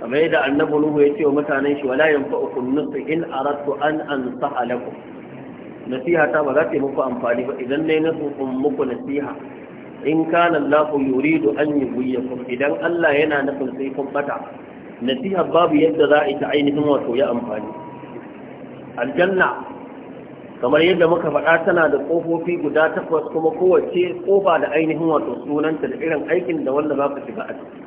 kamar yadda annabi nuhu ya ce wa mutanen shi wala yanfa'ukum nusu in aradtu an ansaha lakum nasiha ta ba za ta yi muku amfani ba idan nayi na kun muku nasiha in kana Allah yuridu an yi yughyikum idan Allah yana nufin sai kun bata nasiha babu yadda za a yi ta ainihin wato ya amfani aljanna kamar yadda muka faɗa tana da ƙofofi guda takwas kuma kowace ƙofa da ainihin wato sunanta da irin aikin da wanda za ka shiga a ciki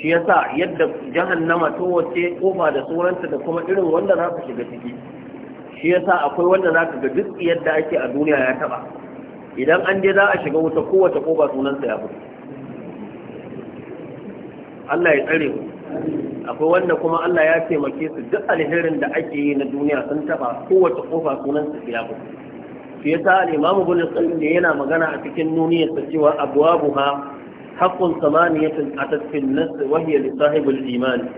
shi yasa yadda jahannama to wace ƙofa da sunanta da kuma irin wanda za ka shiga ciki shi yasa akwai wanda za ka ga duk yadda ake a duniya ya taɓa idan an je za a shiga wuta kowace ƙofa sunansa ya fito Allah ya tsare mu akwai wanda kuma Allah ya taimake su duk alherin da ake yi na duniya sun taba kowace kofa sunan su ya ku shi yasa al bin qayyim da yana magana a cikin nuniyar sa cewa abwabuha haqqun samaniyatun atasfin nas wa hiya li sahibil iman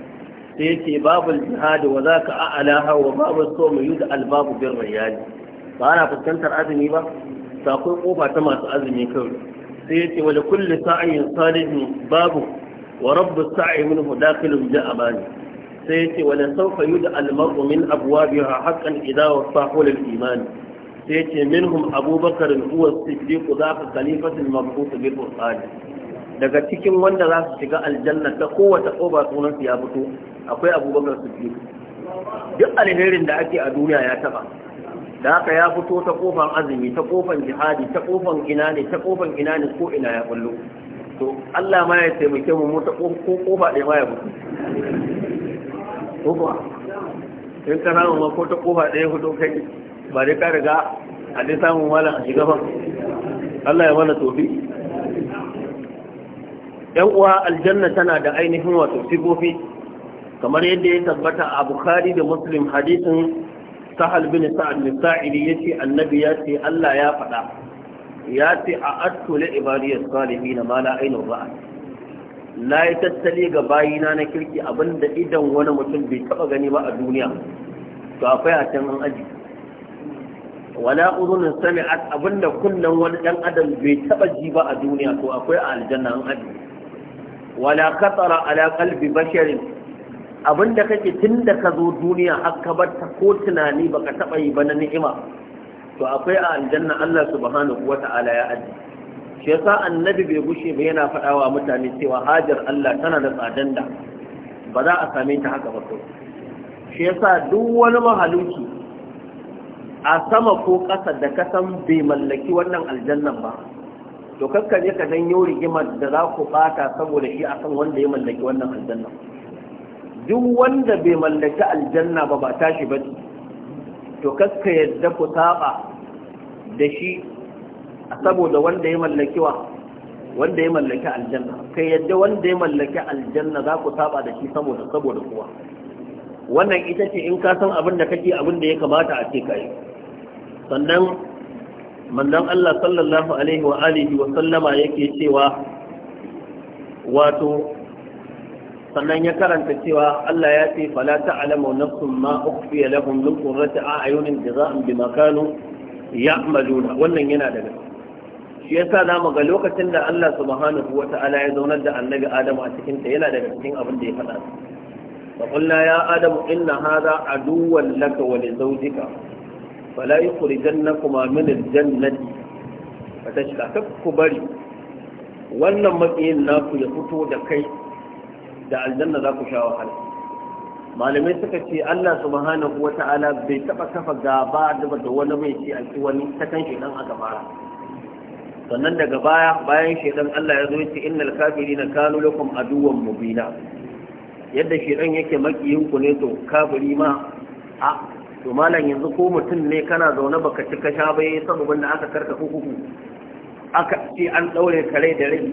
sai yake babul jihad wa zaka a'laha babu babul sawm yi da albabu bin riyal ba ana fuskantar azumi ba ta akwai kofa ta masu azumi kawai sai yake wa kulli sa'in salihin babu wa rabbu sa'i minhu dakhilun ja'abani sai yace wala sawfa yud'a al-mar'u min abwabiha haqqan idha wasahu lil iman sai yace minhum abubakar huwa as daga cikin wanda za su shiga aljanna ta kowace ƙoba sunansu ya fito akwai abubakar siddiq duk alherin da ake a duniya ya taba da haka ya fito ta kofan azumi ta kofan jihadi ta kofan ina ne ta kofan ina ne ko ina ya bullo to Allah ma ya taimake mu mota ko kofa ɗaya ma ya mutu ko in ka samu ma ko ta kofa ɗaya hudu kai ba dai ka riga a dai samun malam a shiga ba Allah ya mana tobi yan uwa aljanna tana da ainihin wato sifofi kamar yadda ya tabbata a bukhari da muslim hadisin sahal bin sa'ad bin sa'idi yace annabi ya ce Allah ya faɗa ya ce a attule ibadiyar salihi na ma la ainihin ba'a na yi tattali ga bayina na kirki abinda idan wani mutum bai taba gani ba a duniya to akwai a can an aji wala uzunin sami'at abinda kunnen wani dan adam bai taba ji ba a duniya to akwai a aljanna an aji wala katara ala qalbi basharin abinda kake tun da ka zo duniya har ka bar ta ko tunani baka taba yi ba na ni'ima to akwai a aljanna Allah subhanahu Ta'ala ya aji shi yasa annabi bai gushe ba yana faɗawa mutane cewa hajar Allah tana da tsadan da ba za a same ta haka ba kawai shi yasa duk wani mahaluki a sama ko ƙasa da ka san bai mallaki wannan aljannan ba to kakka ya ka janyo rigimar da za ku bata saboda shi akan wanda ya mallaki wannan aljannan. duk wanda bai mallaki aljanna ba ba tashi ba to kakka yadda ku saba da shi saboda wanda ya mallaki wa wanda ya mallaki aljanna kai yadda wanda ya mallaki aljanna za ku saba da shi saboda saboda kuwa wannan ita ce in ka san abin da kake abin da ya kamata a ce kai sannan manzon Allah sallallahu alaihi wa alihi wa sallama yake cewa wato sannan ya karanta cewa Allah ya ce fala ta'lamu nafsun ma ukhfiya lahum min qurrati a'yunin jazaa'an bima kanu ya'maluna wannan yana daga shi yasa zamu ga lokacin da Allah subhanahu wata'ala ya zaunar da annabi adamu a cikin ta yana daga cikin abin da ya faɗa fa qulna ya adam inna hadha aduwwan laka wa li zawjika fala yukhrijannakuma min al-jannati fatashqa ku bari wannan makiyin naku ya fito da kai da aljanna za ku sha wahala malamai suka ce Allah subhanahu wata'ala bai taba kafa gaba da wani mai ce a wani ta kan shedan aka fara sannan daga baya bayan shedan Allah ya zo ya ce innal kafirina kanu lakum aduwwan mubina yadda shedan yake makiyin ku ne to kafiri ma a to malam yanzu ko mutum ne kana zaune baka ci kasha ba yayin sababin da aka karka hukuku aka ce an daure kare da rai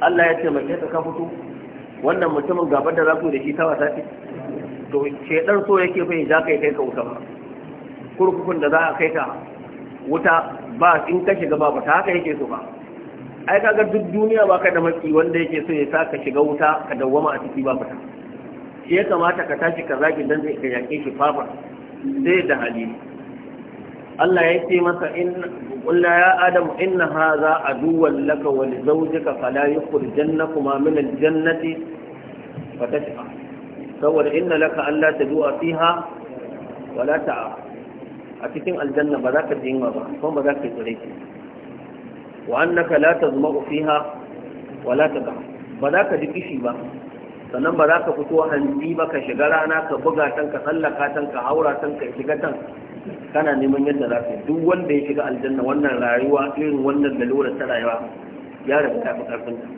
Allah ya ce mace ka fito wannan mutumin gaban da za ku da shi ta wasa ce to shedan so yake fa ka kai kai ka wuta ba kurkukun da za a kai ka wuta ba in ka shiga ba ta haka yake so ba ai kaga duk duniya ba ka da maki wanda yake so ya sa ka shiga wuta ka dawwama a ciki ba fita shi ya kamata ka tashi ka zagi dan zai ka yake shi fafa sai da hali Allah ya ce masa in qulna ya adamu inna hadha aduwwan laka wa li zawjika fala yukhrijannakuma min al-jannati fatashqa saboda inna laka alla tadua fiha wa la ta'a a cikin aljanna ba za ka jinwa ba kuma ba za ka tsare ki wa annaka la tazma'u fiha wa la tadha ba za ka ji kishi ba sannan ba za ka fito hanzi ba ka shiga rana ka buga tan ka tsallaka tan ka haura tan ka shiga tan kana neman yadda za ka duk wanda ya shiga aljanna wannan rayuwa irin wannan lura ta rayuwa ya riga ta fi karfin ta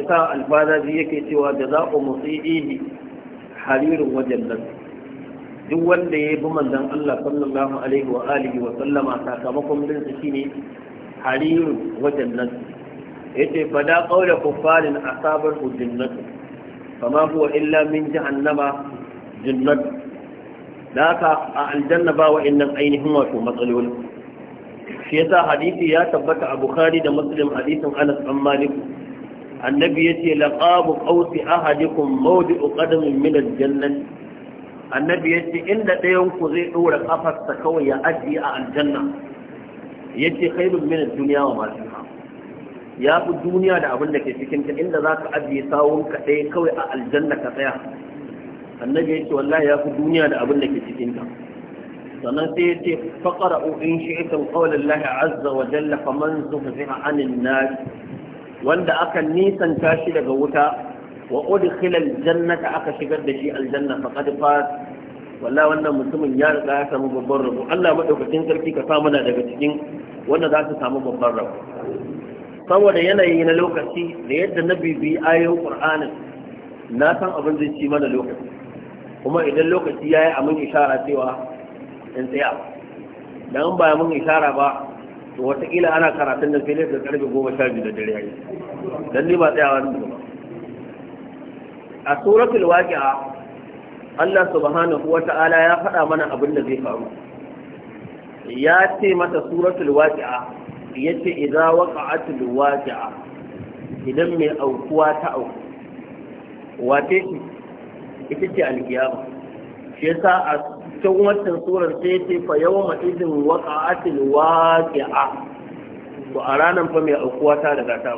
ke alfada zai yake cewa da za ku mutsi ihi haririn wajen nan duk wanda ya bi manzan Allah sallallahu alaihi wa alihi wa sallama sakamakon bin su shine haririn wajen nan Ya ce fada qawla kuffarin asabar hujjinnatu kama kuwa illa min jahannama jannatu da haka a aljanna ba wa wa'annan ainihin wato matsaloli shi yasa hadisi ya tabbata a bukhari da muslim hadisin anas an malik annabi ya yace laqabu qawsi ahadikum mawdi'u qadamin min al-jannah annabi ce inda dayan ku zai dora kafarsa kawai ya ajiye a aljanna yace khairun min ad-dunya wa ma fiha ya fi duniya da abin da ke cikin ta inda za ka ajiye sawun ka ɗaya kawai a aljanna ka tsaya annabi ya ce wallahi ya fi duniya da abin da ke cikin ta sannan sai ya ce faƙara in shi'itum qawlallahi azza wa jalla faman zuhziha 'anil nar wanda aka nisanta shi daga wuta wa udkhila aljannata aka shigar da shi aljanna faqad fat wallahi wannan mutumin ya riga ya samu babban rabo Allah madaukakin sarki ka samu na daga cikin wanda za su samu babban rabo saboda yanayi na lokaci da yadda na bibi ayoyin Qur'anin na san abin zai ci mana lokaci kuma idan lokaci ya yi a mun ishara cewa in tsaya in ba mun ishara ba to watakila ana karatun da filis da karfe goma sha biyu da dare yi don ni ba tsayawa ne ba a suratul waƙi'a Allah subhanahu Ta'ala ya faɗa mana abin da zai faru ya ce mata suratul ce yace idza waqa'atul waƙi'a idan mai aukuwa ta auku wace ita ce alkiyama shi yasa a cikin wancan surar sai ce fa yawma waka a cikin to a ranar fa mai aukuwa ta daga ta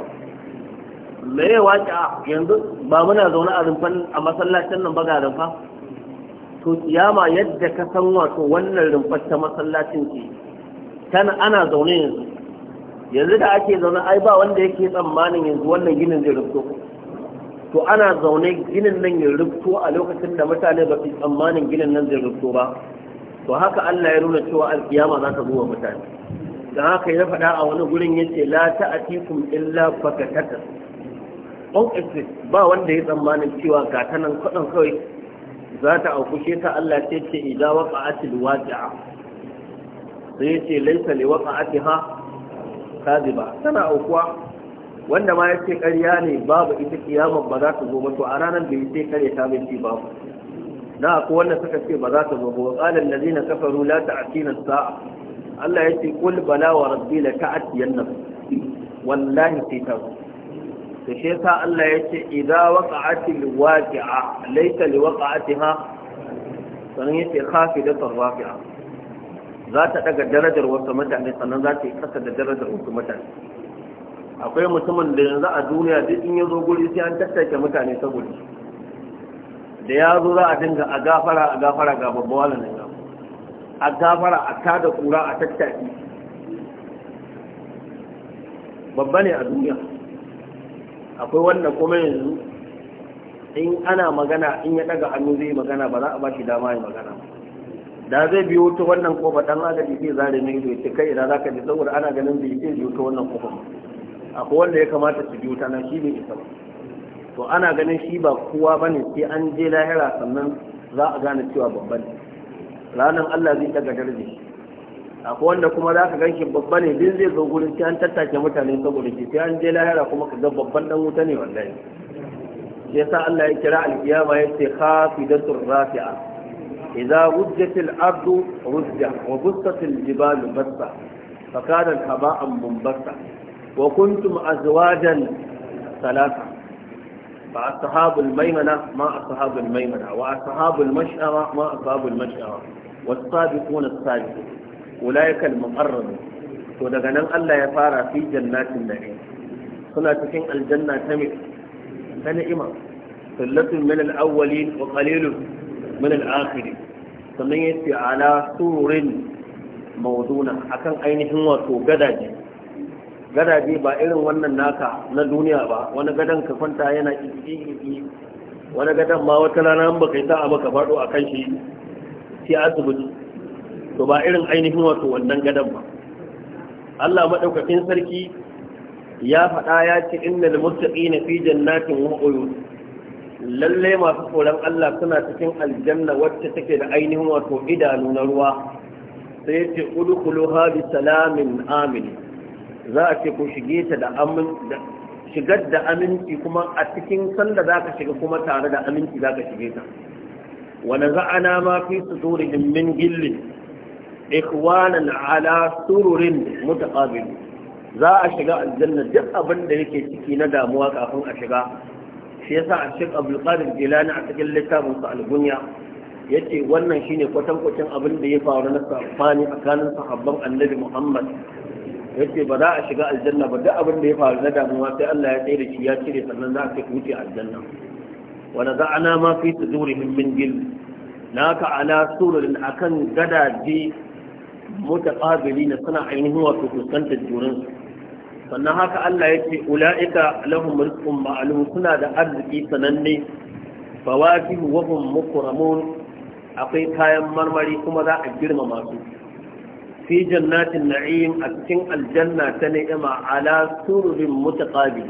me ya a yanzu ba muna zaune a rumfan a masallacin nan ba ga rumfa to kiyama yadda ka san wato wannan rumfar ta masallacin ke tana ana zaune yanzu yanzu da ake zaune ai ba wanda yake tsammanin yanzu wannan ginin zai rufto to ana zaune ginin nan ya rubto a lokacin da mutane ba su tsammanin ginin nan zai rubto ba to haka Allah ya nuna cewa alkiyama za ta zo wa mutane da haka ya faɗa a wani gurin ya ce la ta'atikum illa fakatata on exit ba wanda ya tsammanin cewa ga ta nan kaɗan kawai za ta aukushe ta Allah sai ce idza waqa'atil waqi'a sai ce laysa liwaqa'atiha kadhiba tana aukuwa wanda ma ya ce ƙarya ne babu ita kiyamar ba za ta zo mato a ranar da sai kare ta mai ci babu na ko wanda suka ce ba za ta zo ba qalan ladina kafaru la ta'tina sa'a Allah ya ce qul bala wa rabbi la ta'tiyanna wallahi sai ta zo to shi yasa Allah ya ce idza waqa'atil waqi'a laysa liwaqa'atiha sanan yace khafidatur rafi'a za ta daga darajar wasu mutane sannan za ta yi kasa da darajar wasu mutane akwai mutumin da yanzu a duniya duk in ya zo guri sai an tattake mutane saboda da ya zo za a dinga a gafara a gafara ga babba wala nan a gafara a da kura a tattaki babba ne a duniya akwai wanda kuma yanzu in ana magana in ya daga hannu zai magana ba za a ba shi dama ya magana da zai biyo ta wannan kofa dan agaji zai zare ne ya ce kai idan zaka ji saboda ana ganin bai ke biyo ta wannan kofa akwai wanda ya kamata su biyu tana shi ne isa to ana ganin shi ba kowa ba ne sai an je lahira sannan za a gane cewa babban. ranar Allah zai da shi. akwai wanda kuma za ka gan shi babba ne din zai zo gurin sai an tattake mutane saboda shi sai an je lahira kuma ka ga babban dan wuta ne wallahi ya sa Allah ya kira alkiyama ya ce khafidatur rafi'a idza wujjatil ardu rujja wa bustatil jibalu basta فكان هباء منبثا wa kuntum azwajan salasa fa ashabul maimana ma ashabul maimana wa ashabul mash'ama ma ashabul mash'ama was to daga nan Allah ya fara fi jannatin na'im suna cikin aljanna ta mai ta ni'ima sallatun min al-awwalin wa qalilun min al-akhirin sannan yace ala surin mawduna akan ainihin wato gadaje gadaje ba irin wannan naka na duniya ba wani gadon ka kwanta yana ƙiƙi wani gadon ma wata rana ba kai sa'a maka faɗo a kan shi sai asibiti to ba irin ainihin wato wannan gadon ba Allah maɗaukakin sarki ya faɗa ya ce innal na fi jannatin wa uyun lalle masu tsoron Allah suna cikin aljanna wacce take da ainihin wato idanu na ruwa sai ya ce udkhuluha bi salamin amin za a ce ku shige ta da shigar da aminci kuma a cikin sanda za ka shiga kuma tare da aminci za ka shige ta wani za'ana ma fi su turihim min gillin ikwanan ala sururin mutaqabil za a shiga aljanna duk abin da yake ciki na damuwa kafin a shiga shi yasa a cikin abdul qadir jilani a cikin littafin su al Ya ce wannan shine kwatankwacin abin da ya faru na safani tsakanin sahabban annabi muhammad yace ba za a shiga aljanna ba duk abin da ya faru na damuwa sai Allah ya tsaye da shi ya cire sannan za ka wuce aljanna wa naza'ana ma fi sudurihim min gil naka ala sururin akan gadaje na suna ainihin wato fuskantar jurin sannan haka Allah yace ulaika lahum rizqun ma'lum suna da arziki sananne fawakihu wa hum mukramun akwai kayan marmari kuma za a girmama su fi jannatin na'im a cikin aljanna ta ni'ima ala surubin mutaqabi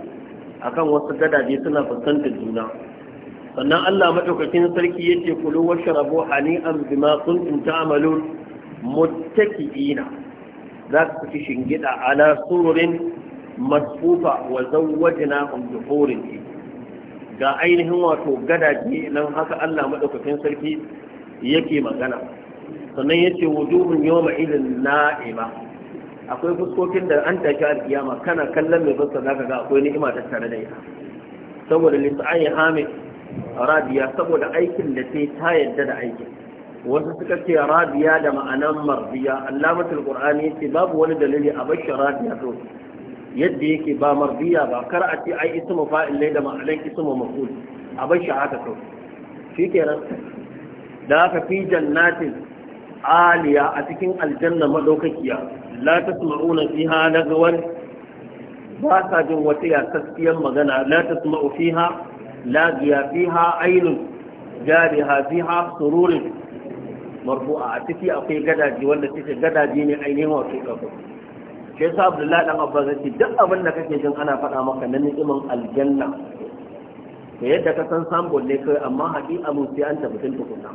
akan wasu gadaje suna fuskantar juna sannan Allah madaukakin sarki yace kulu washrabu hani'an bima kuntum ta'malun muttaqiina za ku ci shingida ala sururin masfufa wa zawwajnahum bihurin ga ainihin wato gadaje nan haka Allah madaukakin sarki yake magana sannan ya ce wujuhun yawma idin na'ima akwai fuskokin da an tashi alkiyama kana kallon mai fuska zaka ga akwai ni'ima ta tare da ita saboda lisa'ai hamid radiya saboda aikin da sai ta yadda da aikin wasu suka ce rabiya da ma'anan mardiya allamatul qur'ani ce babu wani dalili a bashi radiya to yadda yake ba mardiya ba kar a ce ai ismu fa'il ne da ma'anan ismu maf'ul a bashi haka to shikenan da haka fi jannatin aliya a cikin aljanna madaukakiya la tasma'una fiha lagwan ba sa jin wata yasaskiyar magana la tasma'u fiha lagiya fiha ainun jariha ha sururin marfu'a a ciki akwai gadaji wanda suke gadaji ne ainihin wato kafa shi yasa abdullahi dan abbas yace duk abin da kake jin ana faɗa maka na ni'iman aljanna da yadda ka san sambon ne kai amma haƙiƙa mun sai an tabbatar tukunna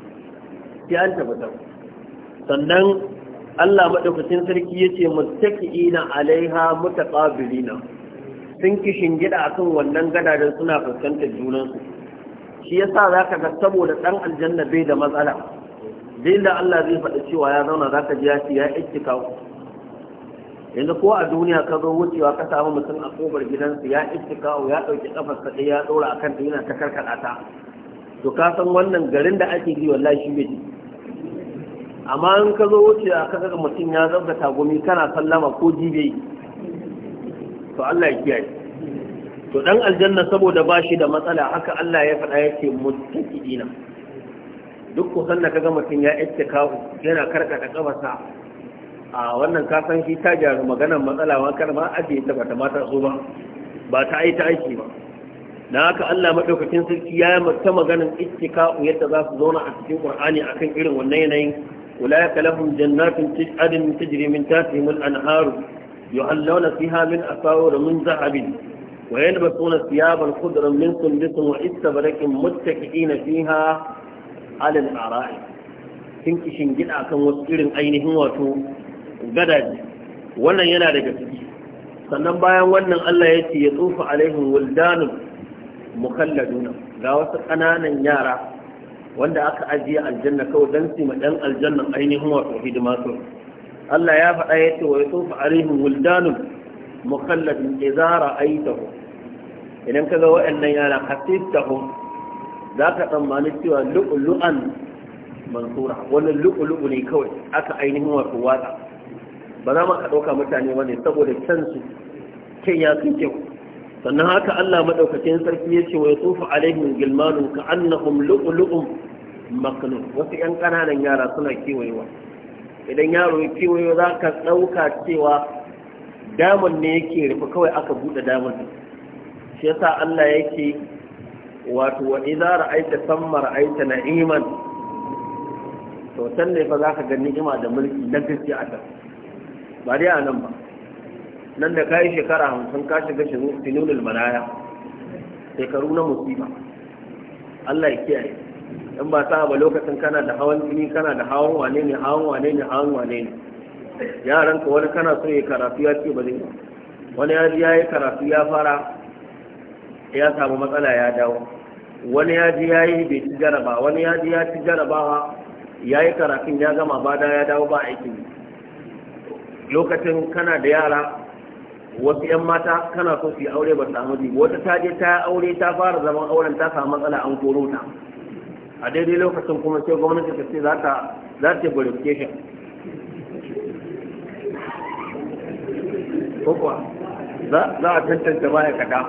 sai an tabbatar sannan Allah maɗaukacin sarki ya ce mustaƙi'ina alaiha birina. sun kishin gida a kan wannan gadajen suna fuskantar junansu shi yasa za ka ga saboda ɗan aljanna bai da matsala dai da Allah zai faɗa cewa ya zauna za ka ji ya ce ya ittika yanzu ko a duniya ka zo wucewa ka samu mutum a ƙofar gidansu ya kawo, ya ɗauki ƙafar sa ya ɗora akan ta yana ta karkaɗa ta to ka san wannan garin da ake ji wallahi shi bai amma in ka zo wuce a kasa ga mutum ya zauka tagumi kana sallama ko jibe to Allah ya kiyaye to dan aljanna saboda ba shi da matsala haka Allah ya faɗa yake muttaqina duk kusan da kaga mutum ya kawo yana da kafarsa a wannan kasan shi ta jaru maganar matsala ma kar ma aje ta bata mata so ba ba ta aita aiki ba na haka Allah madaukakin sarki ya yi ta maganar ittikahu yadda za su zauna a cikin Qur'ani akan irin wannan yanayin أولئك لهم جنات تجعل من تجري من تاتهم الأنهار يعلون فيها من أساور من ذهب ويلبسون ثيابا خضرا من سندس وإستبرك متكئين فيها على الأرائك kinkishin gida kan wasu irin ainihin wato gadaji wannan yana daga ciki sannan bayan wannan Allah ya ce ya tsufa alaihin wildanun mukalladuna ga wasu ƙananan yara wanda aka ajiye aljanna kawai dan su dan aljannan ainihin wato hidima su Allah ya faɗa ya ce wa ya tsofa alaihim wildanun mukallafin izara aitahu idan ga waɗannan yana hasibtahu za ka tsammani cewa lu'ulu'an mansura wani lu'lu'u ne kawai aka ainihin wato watsa ba za mu ka ɗauka mutane wani saboda su kyan ya kai kyau sannan haka Allah madaukakin sarki ya ce wa ya tsufa alaihim Gilmanu ka annahum lu'lu'um maknun wasu yan kananan yara suna kiwayewa idan yaro ya kiwayo za ka ɗauka cewa damar ne yake rufe kawai aka buɗe damar shi yasa Allah yake wato wa idza ra'aita samma ra'aita na'iman to san fa za zaka ga ni'ima da mulki na gaskiya a ba dai a nan ba nan da kayi shekara hamsin ka shiga sinunul manaya shekaru na musiba Allah ya kiyaye in ba sa ba lokacin kana da hawan jini kana da hawan wane ne hawan wane ne hawan wane ne yaran ka wani kana so ya karatu ya ce ba zai ba wani ya ji ya yi karatu ya fara ya samu matsala ya dawo wani ya ji ya yi bai ci jaraba wani ya ji ya ci jarabawa ya yi karatun ya gama bada ya dawo ba aikin lokacin kana da yara wasu yan mata kana so su yi aure ba su miji wata ta je ta aure ta fara zaman auren ta samu matsala an koro ta a daidai lokacin kuma sai gwamnati ta ce za ta za ta verification ko kuwa za a tantance baya kada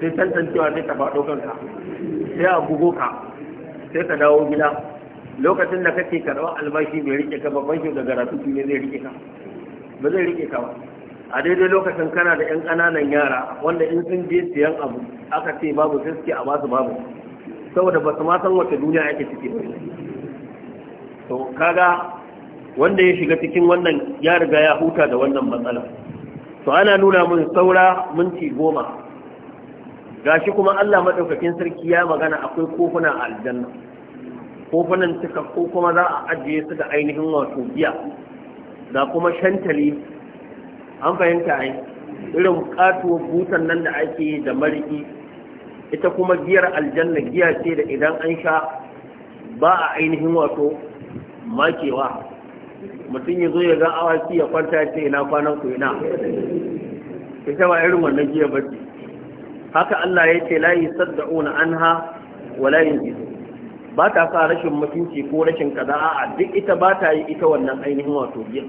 sai tantancewa sai ta faɗo kanka sai a bugo ka sai ka dawo gida lokacin da kake karɓar albashi bai rike ka babban shi da garatu ne zai rike ka ba zai rike ka ba a daidai lokacin kana da 'yan ƙananan yara wanda in sun je siyan abu aka ce babu sai suke a basu babu saboda ba su ma san wata duniya yake ciki ba to kaga wanda ya shiga cikin wannan ya riga ya huta da wannan matsala to ana nuna mun saura minti goma gashi kuma Allah madaukakin sarki ya magana akwai kofuna a aljanna kofunan cika ko kuma za a ajiye su da ainihin wato giya da kuma shantali an fahimta ai irin katuwar butan nan da ake yi da mariki ita kuma giyar aljanna giya ce da idan an sha ba a ainihin wato makewa mutum ya zo ya ga awaki ya kwanta ce ina kwanan ku ina ita ba irin wannan giya ba ce haka Allah ya ce layi la yusaddauna anha wa layin ba ta sa rashin mutunci ko rashin kaza a duk ita ba ta yi ita wannan ainihin wato giya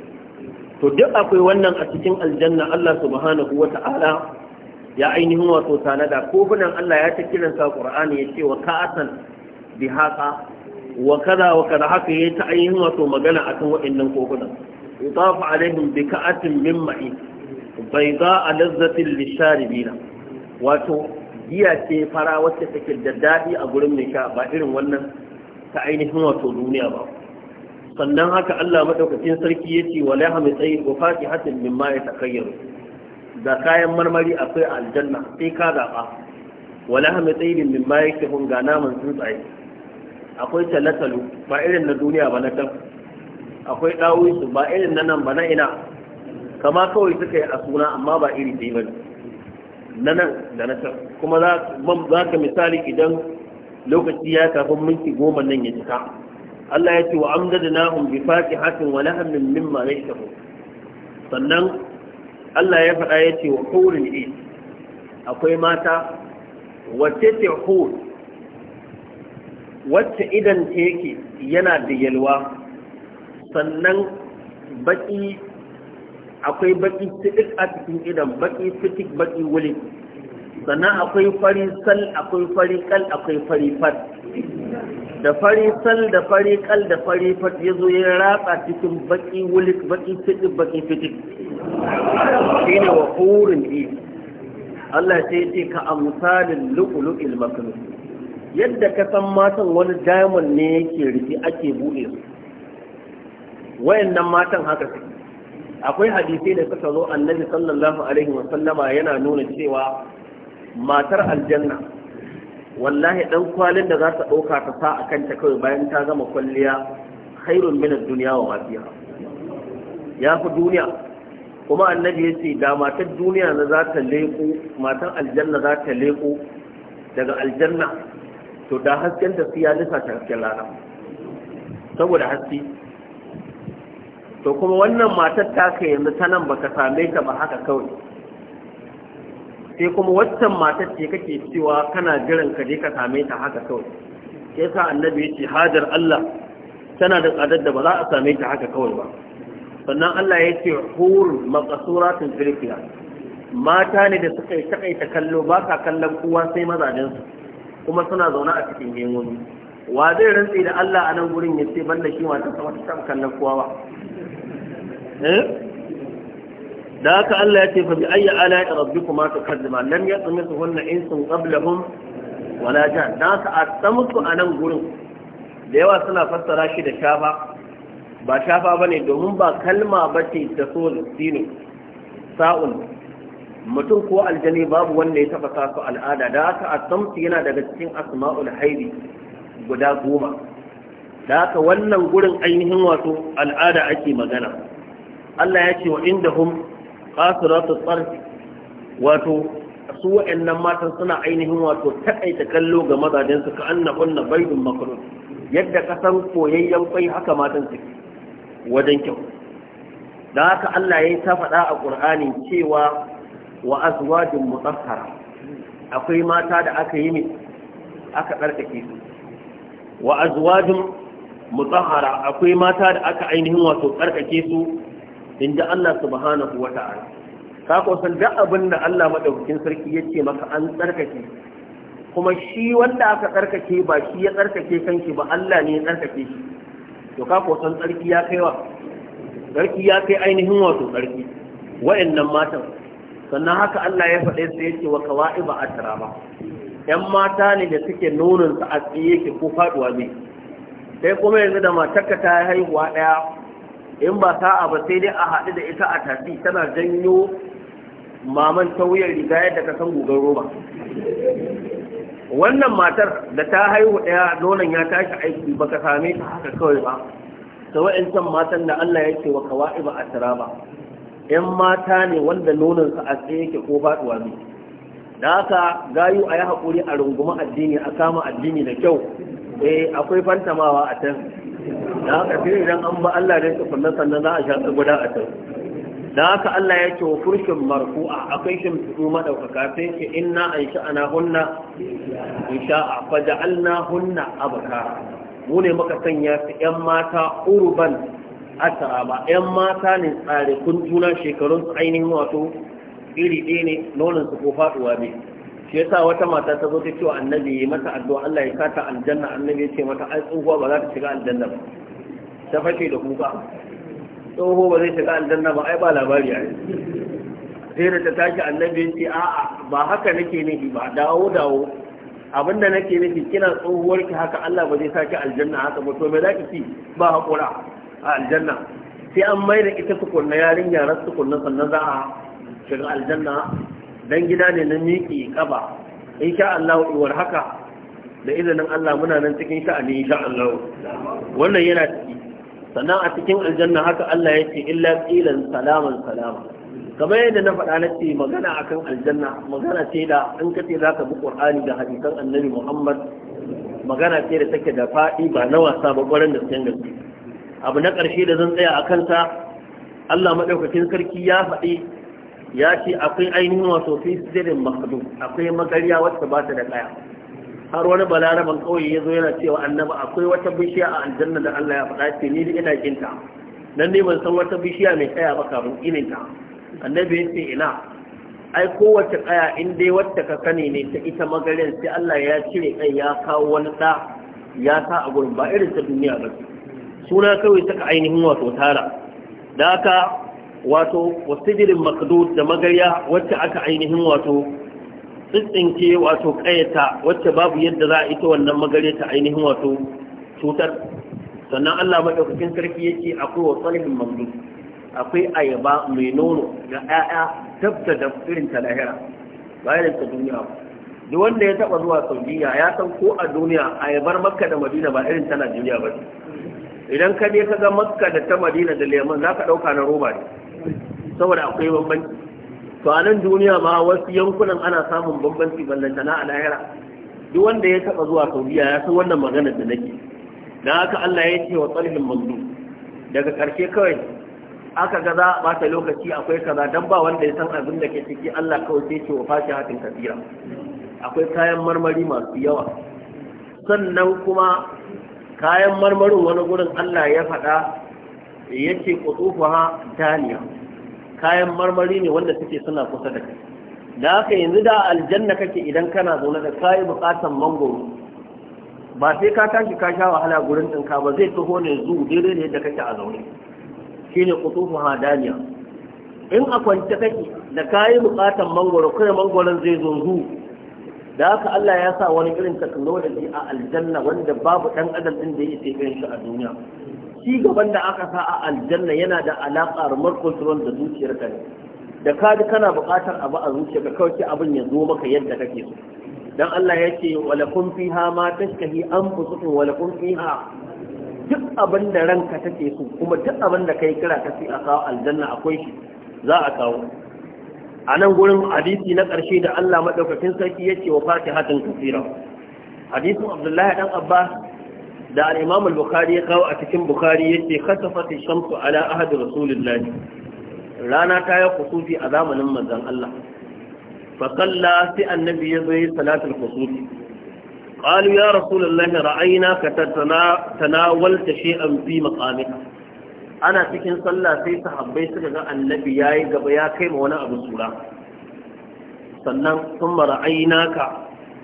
to duk akwai wannan a cikin aljanna Allah subhanahu ya ainihin wato tanada kofunan Allah ya ta kiransa Qur'ani ya ce wa ka'atan bi haka wa kaza wa kaza haka yayi ta ainihin wato magana akan waɗannan kofunan yutafu alaihim bi ka'atin min ma'in bayda lazzatin lisharibina wato giya ce fara wacce take da daɗi a gurin mai ba irin wannan ta ainihin wato duniya ba sannan haka Allah madaukakin sarki yace wa lahmi tsayi wa faqihatin mimma takayyaru da kayan marmari akwai aljanna sai ka zaba wa lahmi tsayi mimma yakihun ga naman tsuntsaye akwai talatalu ba irin na duniya ba na kan akwai su. ba irin na nan ba na ina kama kawai suka yi a suna amma ba iri ɗaya ba na nan da na can kuma za ka misali idan lokaci ya kafin minti goma nan ya cika Allah ya ce wa amdadnahum bi faqihatin wa lahmin mimma yashtahu sannan Allah ya faɗa ya ce wa hurin in akwai mata wacce ce hur wacce idan ta yake yana da yalwa sannan baki akwai baƙi fitik a cikin idan baƙi fitik baƙi wuli sannan akwai fari sal akwai fari kal akwai fari fat da fari sal da fari kal da fari fat ya zo ya ratsa cikin baki wulik baki fitik baki fitik shi ne wa hurin ɗi Allah sai ce ka amsalin lu'ulu'il maknun yadda ka san matan wani diamond ne yake rufe ake buɗe su wayannan matan haka su akwai hadisai da suka zo annabi sallallahu alaihi wasallama yana nuna cewa matar aljanna wallahi dan kwalin da za ta ɗauka ta sa a kanta kawai bayan ta gama kwalliya khairun min ad-dunya wa ma ya fi duniya kuma annabi ya ce da matar duniya na za ta leƙo matar aljanna za ta leƙo daga aljanna to da hasken ta siya nisa ta hasken rana saboda haske to kuma wannan matar ta ka yanzu ta nan baka same ta ba haka kawai sai kuma waccan matar ce kake cewa kana jiran ka je ka same ta haka kawai sai sa annabi ya ce hajar Allah tana da tsadar da ba za a same ta haka kawai ba sannan Allah ya ce hur maqasuratun filfiya mata ne da suka yi takaita kallo ba ka kallon kowa sai mazajen su kuma suna zaune a cikin gengomi wa zai rantsi da Allah a nan gurin ya ce banda shi wata ta kallon kowa ba eh da haka Allah ya ce fa bi ayyi ala'i rabbikuma tukadzima lam yatmisu hunna insun qablahum wala jan da haka a tsamsu a nan gurin da yawa suna fassara shi da shafa ba shafa bane domin ba kalma bace da so sino sa'un mutum ko aljani babu wanda ya tafasa su al'ada da haka a tsamsu yana daga cikin asma'ul haidi guda goma da haka wannan gurin ainihin wato al'ada ake magana Allah ya ce wa inda hum qasiratu tsarf wato su wa'annan matan suna ainihin wato takaita kallo ga mazajen su ka kunna baydun makrun yadda kasan koyayyen kwai haka matan su wajen kyau da haka Allah ya ta faɗa a Qur'ani cewa wa azwajin mutahhara akwai mata da aka yi aka tsarkake su wa azwajin mutahhara akwai mata da aka ainihin wato tsarkake su in ji Allah subhanahu wa ta'ala ka kusan duk abin da Allah madaukakin sarki ya ce maka an tsarkake kuma shi wanda aka tsarkake ba shi ya tsarkake kanki ba Allah ne ya tsarkake shi to ka kusan tsarki ya kai wa tsarki ya kai ainihin wato tsarki wa'annan matan sannan haka Allah ya faɗe su yace wa kawa'iba ba. yan mata ne da suke nonon su a tsaye ke ko faduwa ne sai kuma yanzu da matarka ta haihuwa ɗaya. in ba sa'a ba sai dai a haɗu da ita a tafi tana janyo maman ta wuyar riga yadda ka san gugan roba wannan matar da ta haihu ɗaya nonon ya tashi aiki ba ka same ta haka kawai ba ta can matan da Allah ya ce wa kawai ba a tara ba ‘yan mata ne wanda sa a tsaye yake ko faɗuwa ne da haka gayu a yi haƙuri a runguma addini a kama addini da kyau eh akwai fantamawa a can da haka sai idan an ba Allah da tukunna sannan za a sha guda a can da haka Allah ya ce wa furshin marfu'a akwai shin tudu madaukaka sai ce inna an ana hunna insha'a fa na hunna abaka mu ne muka sanya su yan mata urban asara ba yan mata ne tsare kun juna shekarun ainihin wato iri ɗaya ne nonansu su ko faɗuwa ne shi yasa wata mata ta zo ta ce wa annabi ya mata addu'a Allah ya sata aljanna annabi ya ce mata ai tsohuwa ba za ta shiga aljanna ba ta fashe da kuka tsoho ba zai shiga aljanna ba ai ba labari ai sai da ta tashi annabi ya ce a'a ba haka nake nufi ba dawo dawo abinda nake nufi kina tsohuwar ki haka Allah ba zai saki aljanna haka ba to me za ki ci ba hakura a aljanna sai an mai da ita tukunna yarinya ras tukunna sannan za a shiga aljanna dan gida ne na miƙi ƙaba insha Allah iwar haka da izinin Allah muna nan cikin sha'ani insha Allah wannan yana ciki sannan a cikin aljanna haka Allah ya ce illa qilan salaman salama kamar yadda na faɗa na ce magana akan aljanna magana ce da an ka ce za ka bi Qur'ani da hadisan Annabi Muhammad magana ce da take da faɗi ba na wasa ba ƙwarar da sayan gaske abu na ƙarshe da zan tsaya a kanta Allah maɗaukakin sarki ya faɗi ya ce akwai ainihin wato fi zirin makadu akwai magariya wacce ba ta da kaya har wani balaraban kawai ya zo yana cewa annaba akwai wata bishiya a aljanna da Allah ya faɗa ce ni ina kinta nan ne ban san wata bishiya mai kaya ba kafin ininta annabi ya ce ina ai kowace kaya in dai wata ka sani ne ta ita magariyar sai Allah ya cire kai ya kawo wani da ya sa a gurin ba irin ta duniya ba suna kawai saka ainihin wato tara da haka wato wasijirin makdud da magarya wacce aka ainihin wato tsintsinke wato kayata wacce babu yadda za a ita wannan magarya ta ainihin wato cutar sannan Allah madaukakin sarki yake akwai wa salihin mamdu akwai ayaba mai nono da ƴaƴa dabda da irin ta lahira bayan ta duniya duk wanda ya taba zuwa Saudiya ya san ko a duniya ayabar Makka da Madina ba irin ta Najeriya ba idan ka je ka ga Makka da ta Madina da Leman zaka dauka na roba ne saboda akwai bambanci to a nan duniya ma wasu yankunan ana samun bambanci ballanta na lahira duk wanda ya taba zuwa saudiya ya san wannan maganar da nake dan haka Allah ya ce wa tsalhin mandu daga karshe kawai aka ga za a bata lokaci akwai kaza dan ba wanda ya san abin da ke ciki Allah kawai sai ce wa fashi hatin kasira akwai kayan marmari masu yawa sannan kuma kayan marmarin wani gurin Allah ya faɗa ya ce taniya daniya kayan marmari ne wanda suke suna kusa da kai da haka yanzu da aljanna kake idan kana zaune da kayi bukatan mangoro ba sai ka tashi ka sha wahala gurin ɗinka ba zai taho ne zu daidai da yadda kake a zaune Shi shine kutufu hadaniya in a kwance kake da kayi bukatan mangoro kai mangoron zai zo zu da haka Allah ya sa wani irin technology a aljanna wanda babu ɗan adam ɗin da ya ce kai shi a duniya ci gaban da aka sa a aljanna yana da alaƙa remote da zuciyar ka ne da ka kana buƙatar abu a zuciya ka kawai abin ya zo maka yadda kake so dan Allah ya ce wala kun fiha ma tashkahi anfusukum wala kun fiha duk abin da ranka take so kuma duk abin da kai kira ka a kawo aljanna akwai shi za a kawo a nan gurin hadisi na ƙarshe da Allah madaukakin sarki ya ce wa fatihatin kafira hadisin Abdullahi dan Abbas da imam al-bukhari ya kawo a cikin bukhari yace khasafat ash-shamsu ala ahad rasulillah rana ta yi kusufi a zamanin manzon Allah fa qalla sai annabi ya zo salatul kusufi qalu ya rasulullah ra'aynaka tanawalta shay'an fi maqamika ana cikin sallah sai sahabbai suka ga annabi yayi gaba ya kai ma wani abu sura sannan kuma ra'aynaka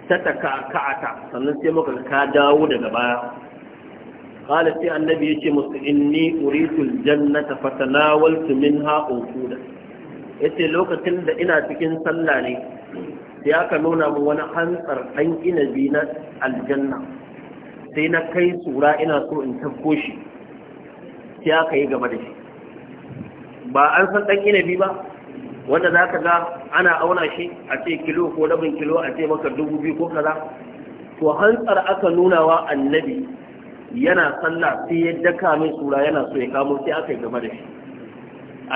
ta taka'ata sannan sai muka ka dawo daga baya قال سي النبي يتي مس إني أريد الجنة فتناولت منها أوكودا yace lokacin da ina cikin sallah ne sai aka nuna min wani hantsar ɗan inabi na aljanna sai na kai tsura ina so in tafko shi sai aka gaba da shi ba an san ba wanda za ka ga ana auna shi a ce kilo ko rabin kilo a ce maka dubu biyu ko kaza to hantsar aka nunawa annabi yana sallah sai ya daka mai tsura yana so ya kamo sai aka yi game da shi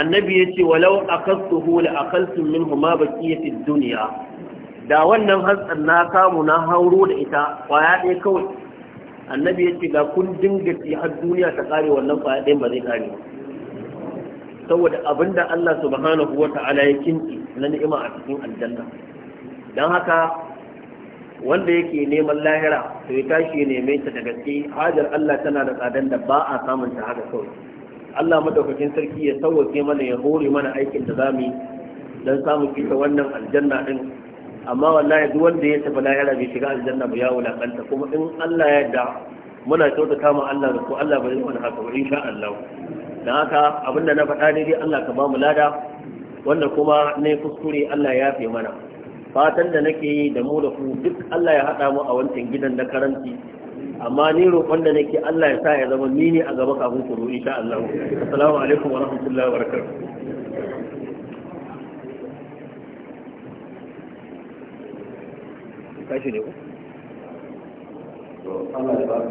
annabi ya ce walau akastuhu la akaltum minhu ma baqiyatid duniya. da wannan hantsan na kamu na hauro da ita kwaya ɗaya kawai annabi ya ce ga kun dinga ci har duniya ta kare wannan kwaya ɗaya ba zai kare saboda abinda Allah subhanahu wata'ala ya kinki na ni'ima a cikin aljanna Don haka wanda yake neman lahira to ya tashi neme ta da gaske hajar Allah tana da tsadan da ba a samun ta haka kawai Allah madaukakin sarki ya sauwake mana ya hore mana aikin da zamu dan samu fita wannan aljanna din amma wallahi duk wanda ya tafi lahira bai shiga aljanna ba ya wulakanta kuma in Allah ya yarda muna kyautata ma Allah da ko Allah ba zai wani haka ba insha Allah dan haka abinda na faɗa ne dai Allah ka ba mu lada wanda kuma ne kuskure Allah ya fi mana fatan da nake yi da mu da ku duk Allah ya haɗa mu a wancan gidan na karanti amma ni roƙon da nake Allah ya sa ya zama ni ne a gaba kafin ku roƙi insha Allah assalamu alaikum wa rahmatullahi wa barakatuh ne ku